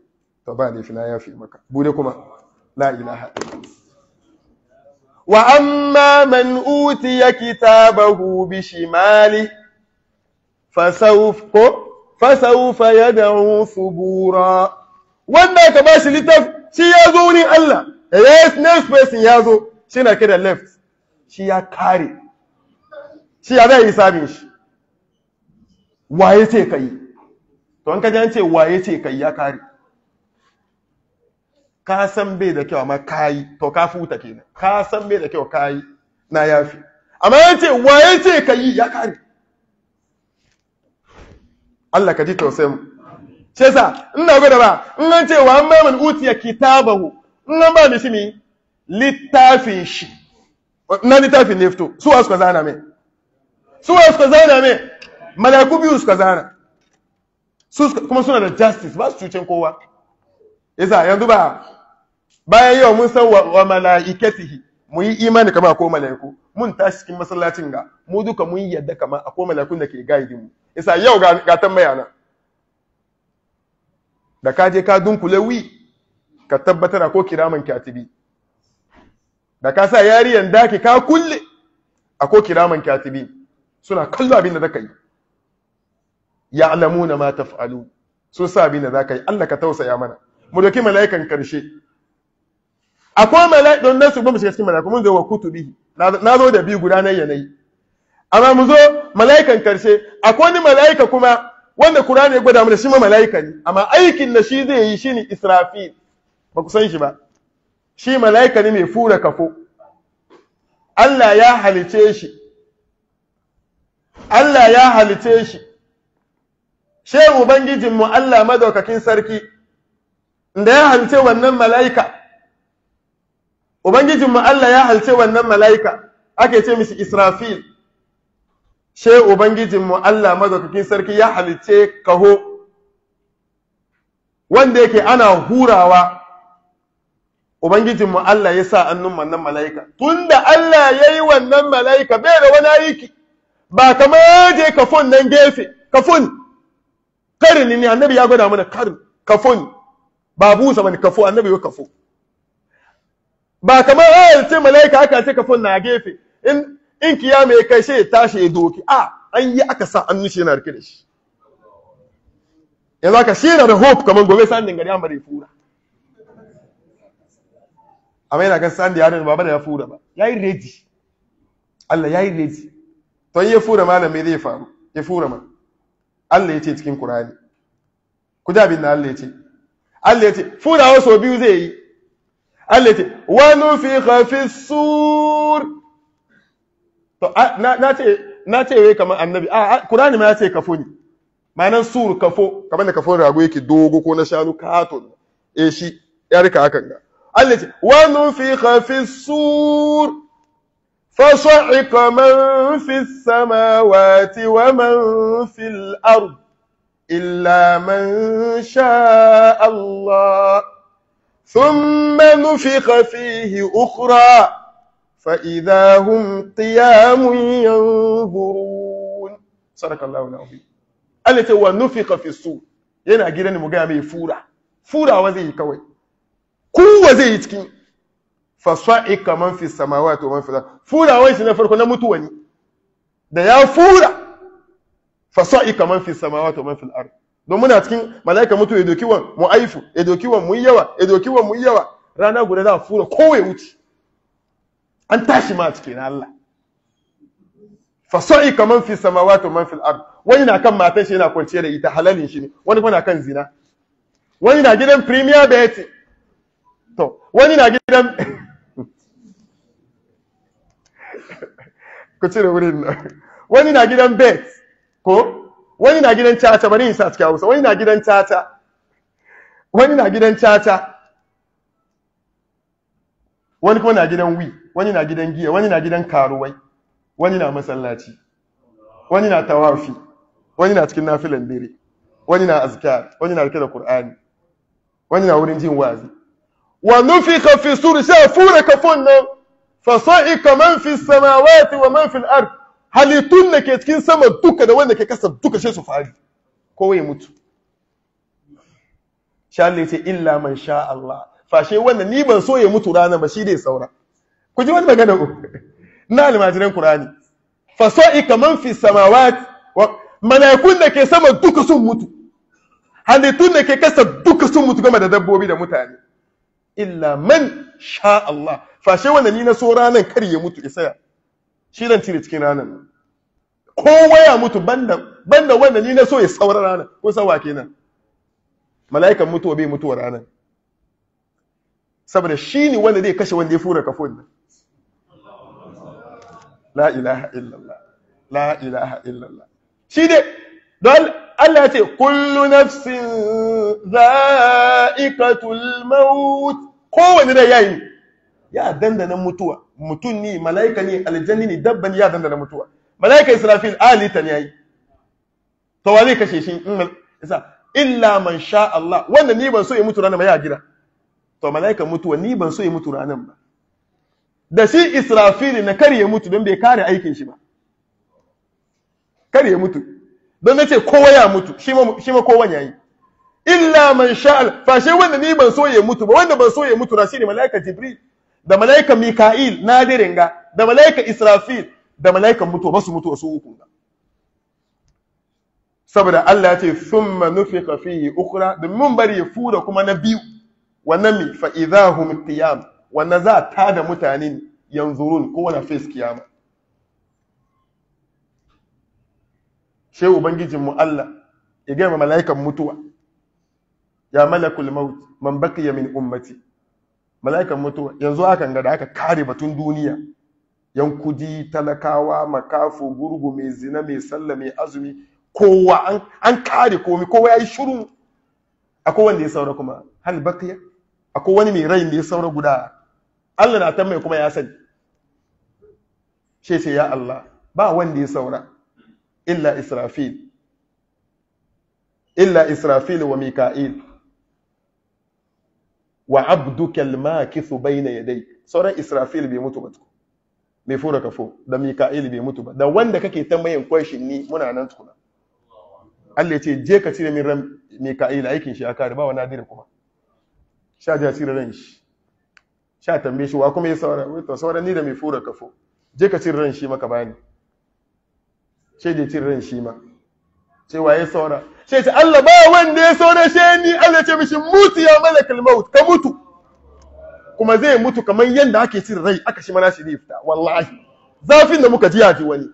to ba da fina yafi maka bude kuma la ilaha wa amma man utiya kitabahu bi shimali fasawfa fasawfa yad'u subura wanda ka bashi littafi shi yazo ni Allah yes next person yazo shi na kira left shi ya kare shi ya zai yi sami shi waye ce ka yi to an kaji ce waye ce ka yi ya kare ka san bai da kyau amma ka yi to ka futa kenan ka san bai da kyau ka yi na yafi amma ya ce waye ce ka yi ya kare Allah ka ji tausayin mu shi yasa ina gwada ba in an ce wa an ba man utiya kitabahu in an ba mishi mi littafin shi na littafin ne fito su suka zana mai su suka zana mai malaku biyu suka zana kuma suna da justice ba su cucin kowa isa yanzu ba bayan yau mun san wa mala'ikatihi mu yi imani kama ko malaku mun tashi cikin masallacin ga mu duka mun yi yadda kama a ko mala'ikun da ke gaidi mu isa yau ga, tambaya na da ka je ka dunkule wi ka tabbatar ko kiraman katibi da ka sa yariyan daki ka kulle ko kiraman katibi suna kallo abin da zaka yi ya'lamuna ma taf'alu so sa abin da zaka yi Allah ka tausaya mana mu doki mala'ikan karshe akwai malaikai. don nasu ba mu shiga cikin malaikai mun zo wa kutubi na zo da bi guda na yanayi amma mu zo mala'ikan karshe akwai wani mala'ika kuma wanda Qur'ani ya gwada mana shi ma mala'ika ne amma aikin da shi zai yi shine Israfil ba ku san shi ba shi mala'ika ne mai fura kafo Allah ya halice shi Allah ya halice shi shehu ubangijinmu Allah madaukakin sarki da ya halice wannan mala'ika ubangijinmu Allah ya halice wannan mala'ika ake ce mishi Israfil shehu ubangijinmu Allah madaukakin sarki ya halice kaho wanda yake ana hurawa ubangijin mu Allah ya sa annun wannan mala'ika Tun da Allah ya yi wannan mala'ika bai da wani aiki ba kamar je kafun nan gefe kafun karin ne annabi ya gwada mana karin kafun ba busa bane kafu annabi ya kafu ba kamar ayar ah, ce mala'ika aka ce kafun na gefe in in kiyama kai sai ya tashi ya doki a an yi aka sa annun shi yana rike da shi yanzu aka shi yana da hope kamar gobe sanin gari an bare fura amma yana kan sanda yaron ba bana ya fura ba yayi ready Allah yayi ready to ya fura malamai zai faru ya fura ma Allah ya ce cikin Qur'ani ku da bin Allah ya ce Allah ya ce fura wasu biyu zai yi Allah ya ce wa nufiqa fi sur to na ce na ce wai kamar annabi a Qur'ani ma ya ce kafo ne ma'anar sur kafo kamar da kafo rago yake dogo ko na shanu katon eh shi ya rika hakan ga التي ونفخ في الصور فصعق من في السماوات ومن في الأرض إلا من شاء الله ثم نفخ فيه أخرى فإذا هم قيام ينظرون صدق الله العظيم التي ونفخ في الصور yana جيراني مجامي mu gaya وزي كوي kowa zai yi cikin fasa'ika man fi samawa to man fi furawai shi na farko na mutuwa ne da ya fura fasa'ika man fi samawa to man fi al don muna cikin malaika mutu ya doki wan mu aifu ya doki wan mu yawa ya doki wan mu yawa rana guda za a fura kowai wuce an tashi ma cikin Allah fasa'ika man fi samawa to man fi wani na kan matan shi yana kwanciya da ita halalin shi ne wani kuma na kan zina wani na gidan premier betting to wani na gidan ku cire wurin nan wani na gidan bet ko wani na gidan caca bari isa sa cikin hausa wani na gidan caca wani na gidan caca wani kuma na gidan wi wani na gidan giya wani na gidan karuwai wani na masallaci wani na tawafi wani na cikin nafilan dare wani na azkar wani na rike da qur'ani wani na wurin jin wazi wa nufika fi suri sai a fura kafin nan fa sa'ika man fi samawati wa man fil ard halittun da ke cikin sama duka da wanda ke kasa duka sai su fari kowa ya mutu sha ce illa man sha Allah fashe wanda ni ban so ya mutu rana ba shi dai saura ku ji wani magana ku na almajiran qur'ani fa sa'ika man fi samawati wa malaikun da ke sama duka sun mutu halittun da ke kasa duka sun mutu game da dabbobi da mutane illa man sha Allah fashe wanda ni na so ranan kar ya mutu isa shi zan cire cikin ranan kowa ya mutu banda banda wanda ni na so ya saura ranan ko sawa kenan mala'ikan mutuwa bai mutuwa ranan saboda shi ne wanda zai kashe wanda ya fura kafon nan la ilaha illallah la ilaha illallah shi dai don Allah ya ce kullu nafsin za'iqatul maut kowanne da yayi ya dandana mutuwa mutun ne malaika ne aljanni ne dabban ya dandana mutuwa malaika israfil alitan yayi ya yi. zai kashe shi illa man sha Allah wanda ni ban so ya mutu ranar ba ya jira to malaika mutuwa ni ban so ya mutu ranar ba da shi israfil na kare ya mutu don bai kare aikin shi ba Kare ya mutu don na ce kowa ya mutu shi ma ya yi. illa man sha'al fashe wanda ni ban so ya mutu ba wanda ban so ya mutu na ne malaika jibril da malaika mika'il nadirin ga da malaika israfil da mala'ika mutu ba su mutu su uku ba. saboda Allah ya ce thumma nufika fihi ukhra da mun bari ya fura kuma na biyu wannan mi fa idahum qiyam wannan za ta da mutane yanzurun kowane face kiyama shi ubangijinmu Allah ya gaya mala'ikan mutuwa ya malakul maut man baqiya min ummati mala'ikan mutuwa yanzu akan ga da aka kare batun duniya yan kudi talakawa makafu gurgu mai zina mai sallah mai azumi kowa an an kare komai kowa yayi shiru akwai wanda ya saura kuma hal baqiya akwai wani mai rai da ya saura guda Allah na tambaye kuma ya sani sai sai ya Allah ba wanda ya saura illa israfil illa israfil wa mika'il wa abduka al-makithu bayna yadayk sauran israfil bai mutu ba mai fura kafo da mika'il bai mutu ba da wanda kake tambayin kwashin ni muna nan tukuna Allah ya ce je ka cire min ran mika'il aikin shi aka ba wa nadir kuma sha ja cire ran shi sha tambaye shi wa kuma ya saura wato saura ni da mai fura kafo je ka cire ran shi maka bani sai da cin ran shi ma sai waye saura sai ce Allah ba wanda ya saura sai ni Allah ce mishi mutu ya malakal maut ka mutu kuma zai mutu kamar yanda ake cin rai aka shi mana shi zai fita wallahi zafin da muka ji ya ji wani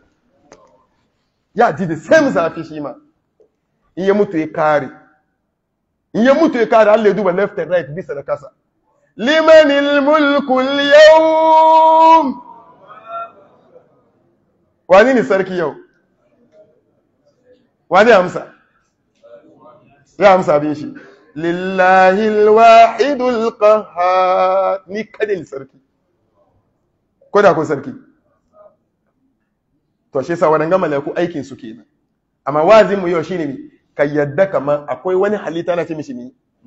ya ji da same zafi shi ma in ya mutu ya kare in ya mutu ya kare Allah ya duba left and right bisa da kasa limanil mulku yawm wani ne sarki yau wa amsa zai amsa bin shi lillahi alwahidul qahhar ni kadin sarki ko da ko sarki to shi yasa wadanga malaiku aikin su kenan amma wazin mu yau shine ne. ka yadda kaman akwai wani halitta na ce mishi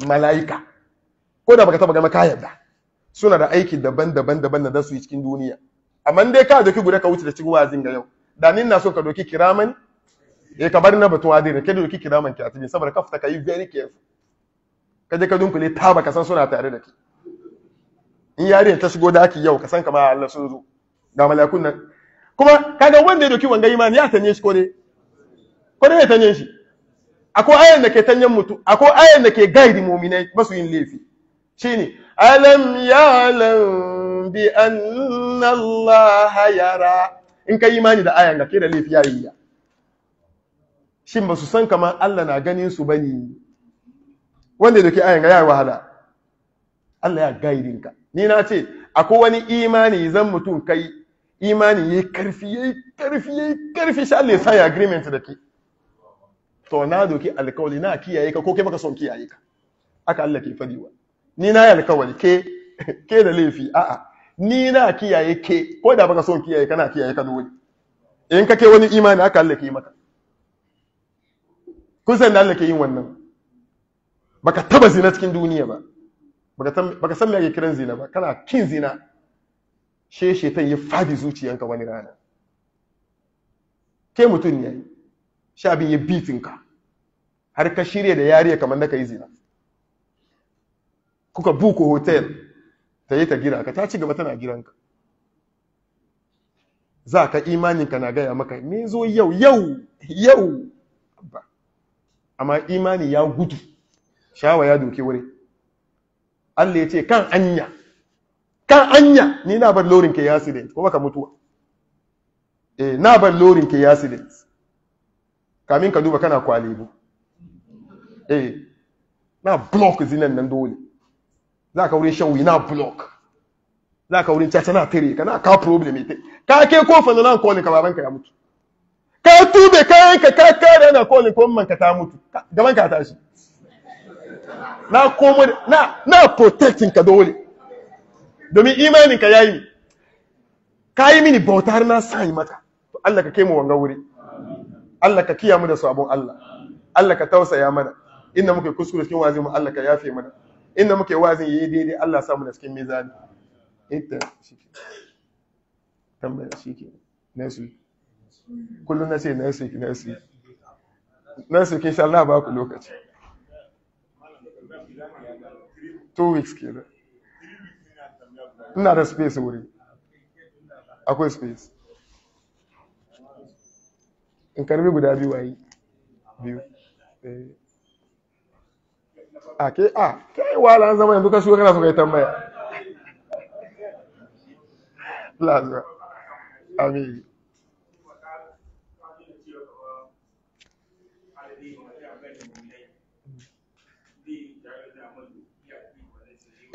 malaika ko da baka taba gama ka da. suna da aiki daban-daban daban da su yi cikin duniya amma dai ka doki guda ka wuce da cikin wazin ga yau da nin na so ka doki kiraman eh ka bari na batun adire kada yau kiki daman ki a cikin saboda fita kai very careful ka je ka dunkule ta baka san suna tare da ki in yarinyar ta shigo daki yau ka san kamar Allah sun zo ga malakun nan kuma kaga wanda ya doki wanga imani ya tanye shi ko ne ko ne ya tanye shi akwai ayan da ke tanyen mutu akwai ayan da ke guide mu'minai basu su yin laifi shine alam ya'lam bi anna Allah yara in ka imani da ayan da ke da laifi yayi shin ba su san kamar Allah na ganin su ba ni? wanda da ke ga yayi wahala Allah ya gaidin ka ni na ce akwai wani imani zan mutum kai imani yayi karfi yayi karfi yayi karfi shi Allah ya sa ya agreement da ke to na doki alkawali na kiyaye ka ko kai baka son kiyaye ka aka Allah ke wa. ni na yi alkawali ke ke da laifi a'a ni na kiyaye ke ko da baka son kiyaye kana kiyaye ka dole in ka ke wani imani aka Allah ke maka kun san da Allah ke yin wannan baka taba zina cikin duniya ba baka san me ake kiran zina ba kana kin zina she shetan ya fadi zuciyanka wani rana ke mutum ne sha bin ya bitinka har ka shirya da yariya kamar da ka yi zina kuka buko hotel ta yi ta gira ka ta ci gaba tana giranka za ka imaninka na gaya maka me zo yau yau yau amma imani ya gudu shawa ya doke wuri Allah ya ce kan anya kan anya ni na bar lorin ke ya accident ko baka mutuwa eh na bar lorin ke ya accident kamin ka duba kana kwalibu eh na block zinan nan dole za ka wurin shan na block za ka wurin caca na tare ka na ka problem ita ka ke ko fa na call ka ka ya mutu ka tube kayan ka ka kare na kolin ko man ka ta mutu gaban ka tashi na komo na na protecting ka dole domin imanin ka yayi ka yi mini bauta har na sa maka to Allah ka kai mu wanga wuri Allah ka kiyamu da sabon Allah Allah ka tausaya mana inda muke kuskure cikin wazin mu Allah ka yafe mana inda muke wazin yayi daidai Allah samu da cikin mizani ita shi tambaya shi ke su kullum na ce nursing nursing nursing kin sha na ba ku lokaci two weeks kenan ina da space wuri akwai space in karbi guda biyu wayi biyu eh. a ke a yi wala an zama yanzu ka shigo kana so kai tambaya lazuwa amin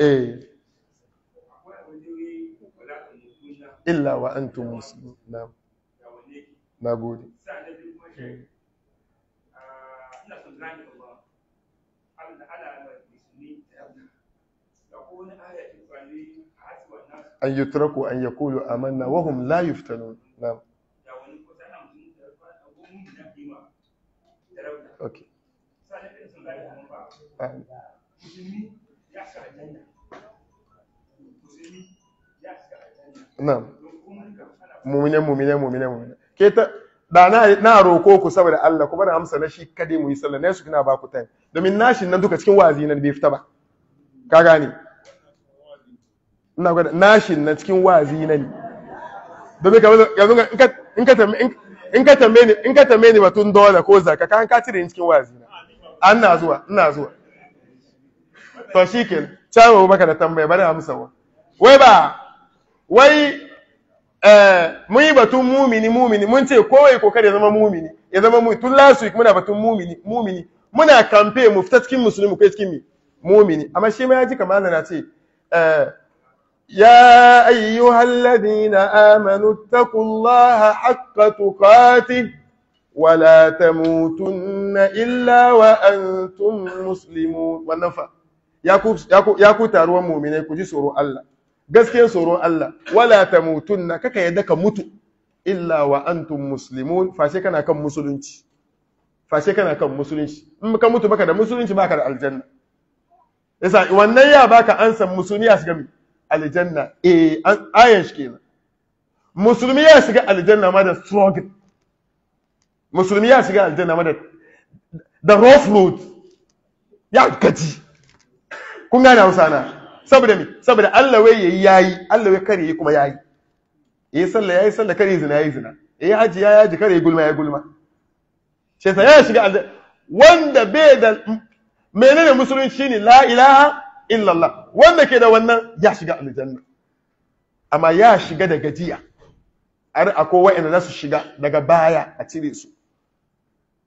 إيه. إلا وأنتم مسلمون ما نعم. قولي أن يتركوا أن يقولوا آمنا وهم لا يفتنون نعم أوكي أهل. na'am mumine mumine mumine mumine ke ta da na na roko ku saboda Allah ku bari amsa na shi kade mu yi sallah na su kina ba ku time domin nashin nan duka cikin wazi nan bai fita ba ka gane ina gwada nashin nan cikin wazi nan domin ka in ka in ka tambaye ni in ka tambaye ni batun dole ko zaka kan ka cire cikin wazi na an ah, na zuwa ina zuwa to shikenan cewa baka da tambaya bari amsa wa wai ba wai eh, mun yi batun mumini mumini mun ce kowai kokari ya zama mumini ya zama mumini tun last week muna batun mumini mumini muna kamfe mu fita cikin musulmi kai cikin mumini amma shi ma ya ji kamar na ce eh, ya ayyu na amanu taqullaha haqqa tuqati wala tamutunna illa wa antum muslimun wannan fa ya ku ya ku taruwan mumine ku ji tsoro Allah gaskiyar tsoron Allah wala ta na kaka yadda ka mutu illa wa antum muslimun fashe kana kan musulunci fashe kana kan musulunci in ka mutu baka da musulunci baka da aljanna yasa wannan ya baka an san musulmi ya shiga aljanna eh ayan shi kenan musulmi ya shiga aljanna ma da struggle musulmi ya shiga aljanna ma da the rough road ya gaji kun gane hausa na saboda mi saboda Allah wai yayi yayi Allah wai kare yi kuma yayi yayi sallah yayi sallah kare zina yayi zina yayi haji yayi haji kare gulma yayi gulma sai sai ya shiga wanda bai da menene musulunci ne la ilaha illallah wanda ke da wannan ya shiga aljanna amma ya shiga da gajiya har akwai wa'anda za su shiga daga baya a cire su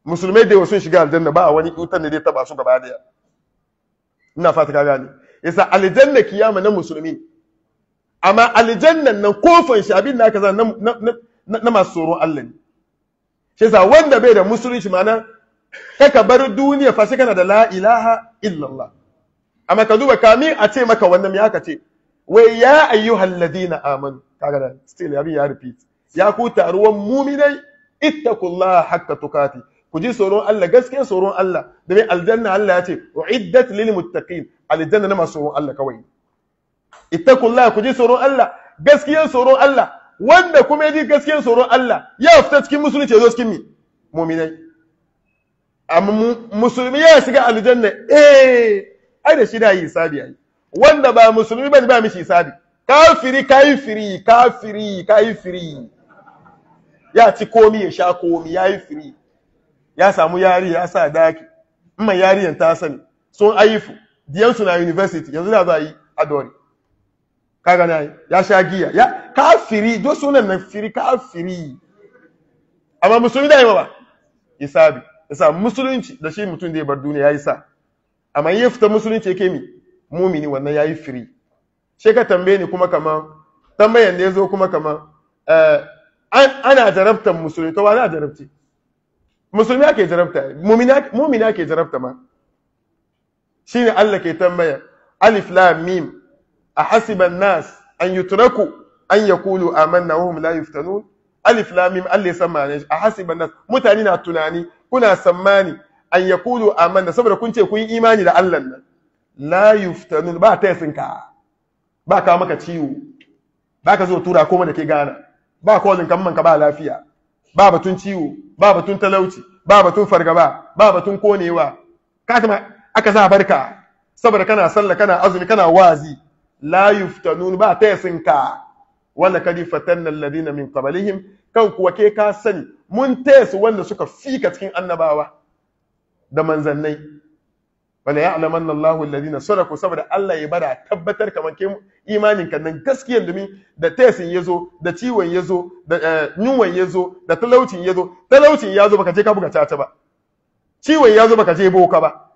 musulmai da sun shiga aljanna ba a wani kutan da zai taba su gaba daya ina fata ka gane yasa aljanna kiyama na musulmi amma aljannan nan kofan shi abin da aka zan na masu tsoron Allah ne shi yasa wanda bai da musulunci ma'ana kaka bar duniya fa sai kana da la ilaha illallah amma ka duba kamin a ce maka wannan me aka ce wai ya ayyuhal ladina amanu kaga da still abin ya repeat ya ku taruwan muminai ittaqullaha haqqa tukati ku ji tsoron Allah gaskiya tsoron Allah Da domin aljanna Allah ya ce uiddat lil muttaqin aljanna na masu tsoron Allah kawai ittaqullaha ku ji tsoron Allah gaskiyar tsoron Allah wanda kuma ji gaskiyar tsoron Allah ya fita cikin musulunci zo cikin mi mu'minai amma musulmi ya shiga aljanna eh ai da shi da yi sabi ai wanda ba musulmi bane ba mishi sabi kafiri kafiri kafiri kafiri ya ci komi ya sha komi ya yi firi ya samu yari ya sa daki Amma mai yariyan ta sani sun aifu diyansu na university yanzu da za a yi adori kaga na yi. ya sha giya ya kafiri do sunan na firi kafiri amma musulmi da yawa ba isabi isa musulunci da shi mutum da ya bar duniya ya yi sa amma yi fita musulunci ya kemi mumini wannan ya yi firi she ka tambaye ni kuma kama tambayan da ya zo kuma kama eh, ana jarabtar musulmi to ba na jarabci musulmi ake jarabta mumina ake jarabta ma shine Allah ke tambaya alif lam mim ahasiba nas an yutraku an yaqulu amanna wa hum la yuftanun alif lam mim Allah ya san a ahasiba nas mutane na tunani kuna sammani an yaqulu amanna saboda kun ce kun yi imani da Allah nan la yuftanun ba ta yasinka ba ka maka ciwo ba ka zo tura koma da ke gana ba kolin kamman ka ba lafiya ba batun ciwo ba batun talauci ba batun fargaba ba batun konewa ka aka za ka saboda kana sallah kana azumi kana wazi la yuftanun ba ta yasin ka wala kadi fatanna alladhina min qablihim kan kuwa ke ka sani mun tesu wanda suka fika cikin annabawa da manzannai wala ya'lamanna Allahu alladhina sadaku saboda Allah ya bara tabbatar kaman ke imanin kan nan gaskiya, dumi da tesin yazo da ciwon yazo da eh, yunwan yazo da talaucin yazo talaucin yazo baka je ka buga caca ba ciwon yazo baka je boka ba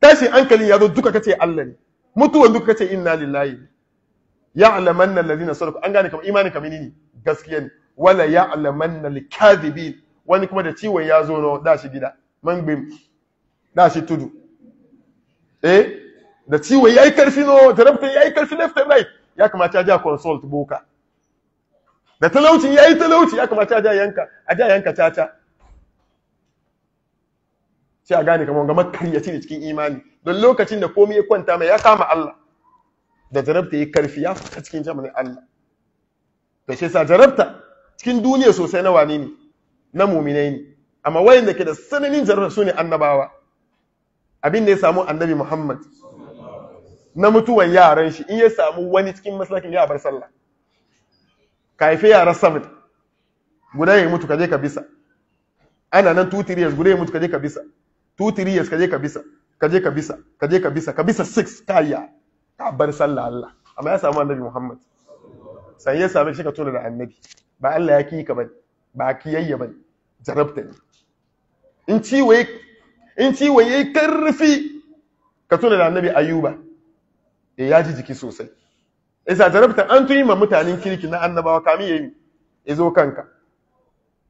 tashi hankali ya zo duka kace Allah ne mutuwan duka kace inna lillahi ya'lamanna alladhina sadaku an gane kamar imani kamar ni gaskiya ne wala ya'lamanna alkadhibin wani kuma da ciwon ya zo na da shi gida man gbe da shi tudu eh da ciwon yayi karfi no jarabtan yayi karfi left and right ya kamata ja consult boka da talauci yayi talauci ya kamata ja yanka a ja yanka caca sai a gane kamar gamar karyaci da cikin imani don lokacin da komai ya kwanta mai ya kama Allah da jarabta ya karfi ya fita cikin jamanin Allah da shi sa jarabta cikin duniya sosai na wane ne na muminai ne amma wayanda ke da sananin jarabta su ne annabawa abin da ya samu annabi Muhammad na mutuwan yaran shi in ya samu wani cikin maslakin ya bar sallah ka haife yara sabit guda ya mutu ka je ka bisa ana nan tutiriyar guda ya mutu ka je ka bisa 2 3 years kaje ka bisa kaje ka kaje ka bisa ka bisa 6 kaya ka bar sallah Allah amma ya samu annabi Muhammad sai ya samu shi ka tona da annabi ba Allah ya ki ka bane ba kiyayya bane jarabta ne in ciwo in ciwo yayi karfi ka tona da annabi Ayuba eh ya ji jiki sosai isa jarabta an tuni ma mutanen kirki na annabawa kamin yayi izo kanka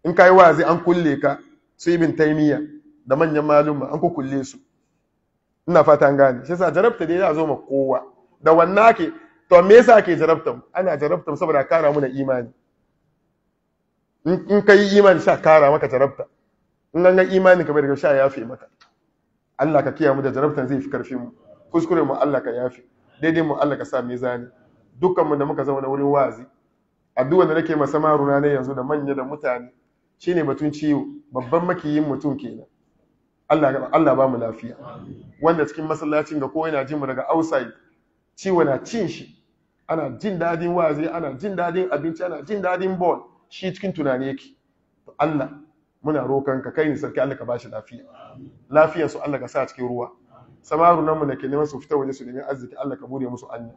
in kai wazi an kulle ka su ibn taymiya da manyan maluma an kukulle su ina fata an gane shi sa jarabta dai ya zo ma kowa da wannan ake to me yasa ake jarabta mu ana jarabta mu saboda kara mu na imani in kai imani sha kara maka jarabta in ganga imani ka kamar daga sha yafe maka Allah ka kiyaye mu da jarabtan zai fi karfin mu kuskure mu Allah ka yafe daidai mu Allah ka sa mizani dukkan mu da muka zauna wurin wazi addu'a da nake masa maruna ne yanzu da manya da mutane shine batun ciwo babban makiyin mutum kenan Allah ba mu lafiya wanda cikin masallacin ga ko yana jin mu daga outside ciwo na cin shi ana jin dadin wazi ana jin dadin abinci ana jin dadin ball shi cikin tunani yake to Allah muna rokan ka kai ni sarki Allah ka ba shi lafiya lafiyar su Allah ka sa cikin ruwa samaru nan mu nake ke neman su fita waje su nemi arziki Allah ka bude musu anya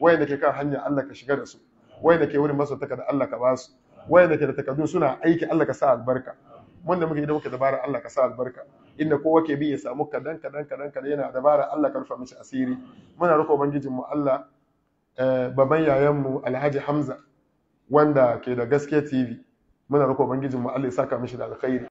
wayanda ke kan hanya Allah ka shiga da su wayanda ke wurin masu takarda Allah ka ba su wayanda ke da takardun suna aiki Allah ka sa albarka wanda muke da muke dabara Allah ka sa albarka inda kowa ke bi ya samu kadan kadan kadan kadan yana dabara Allah karfa mishi asiri muna roƙo ubangijin mu Allah eh, baban yayan mu Alhaji Hamza wanda ke da gaske TV muna roƙo ubangijin mu Allah ya saka mishi da alkhairi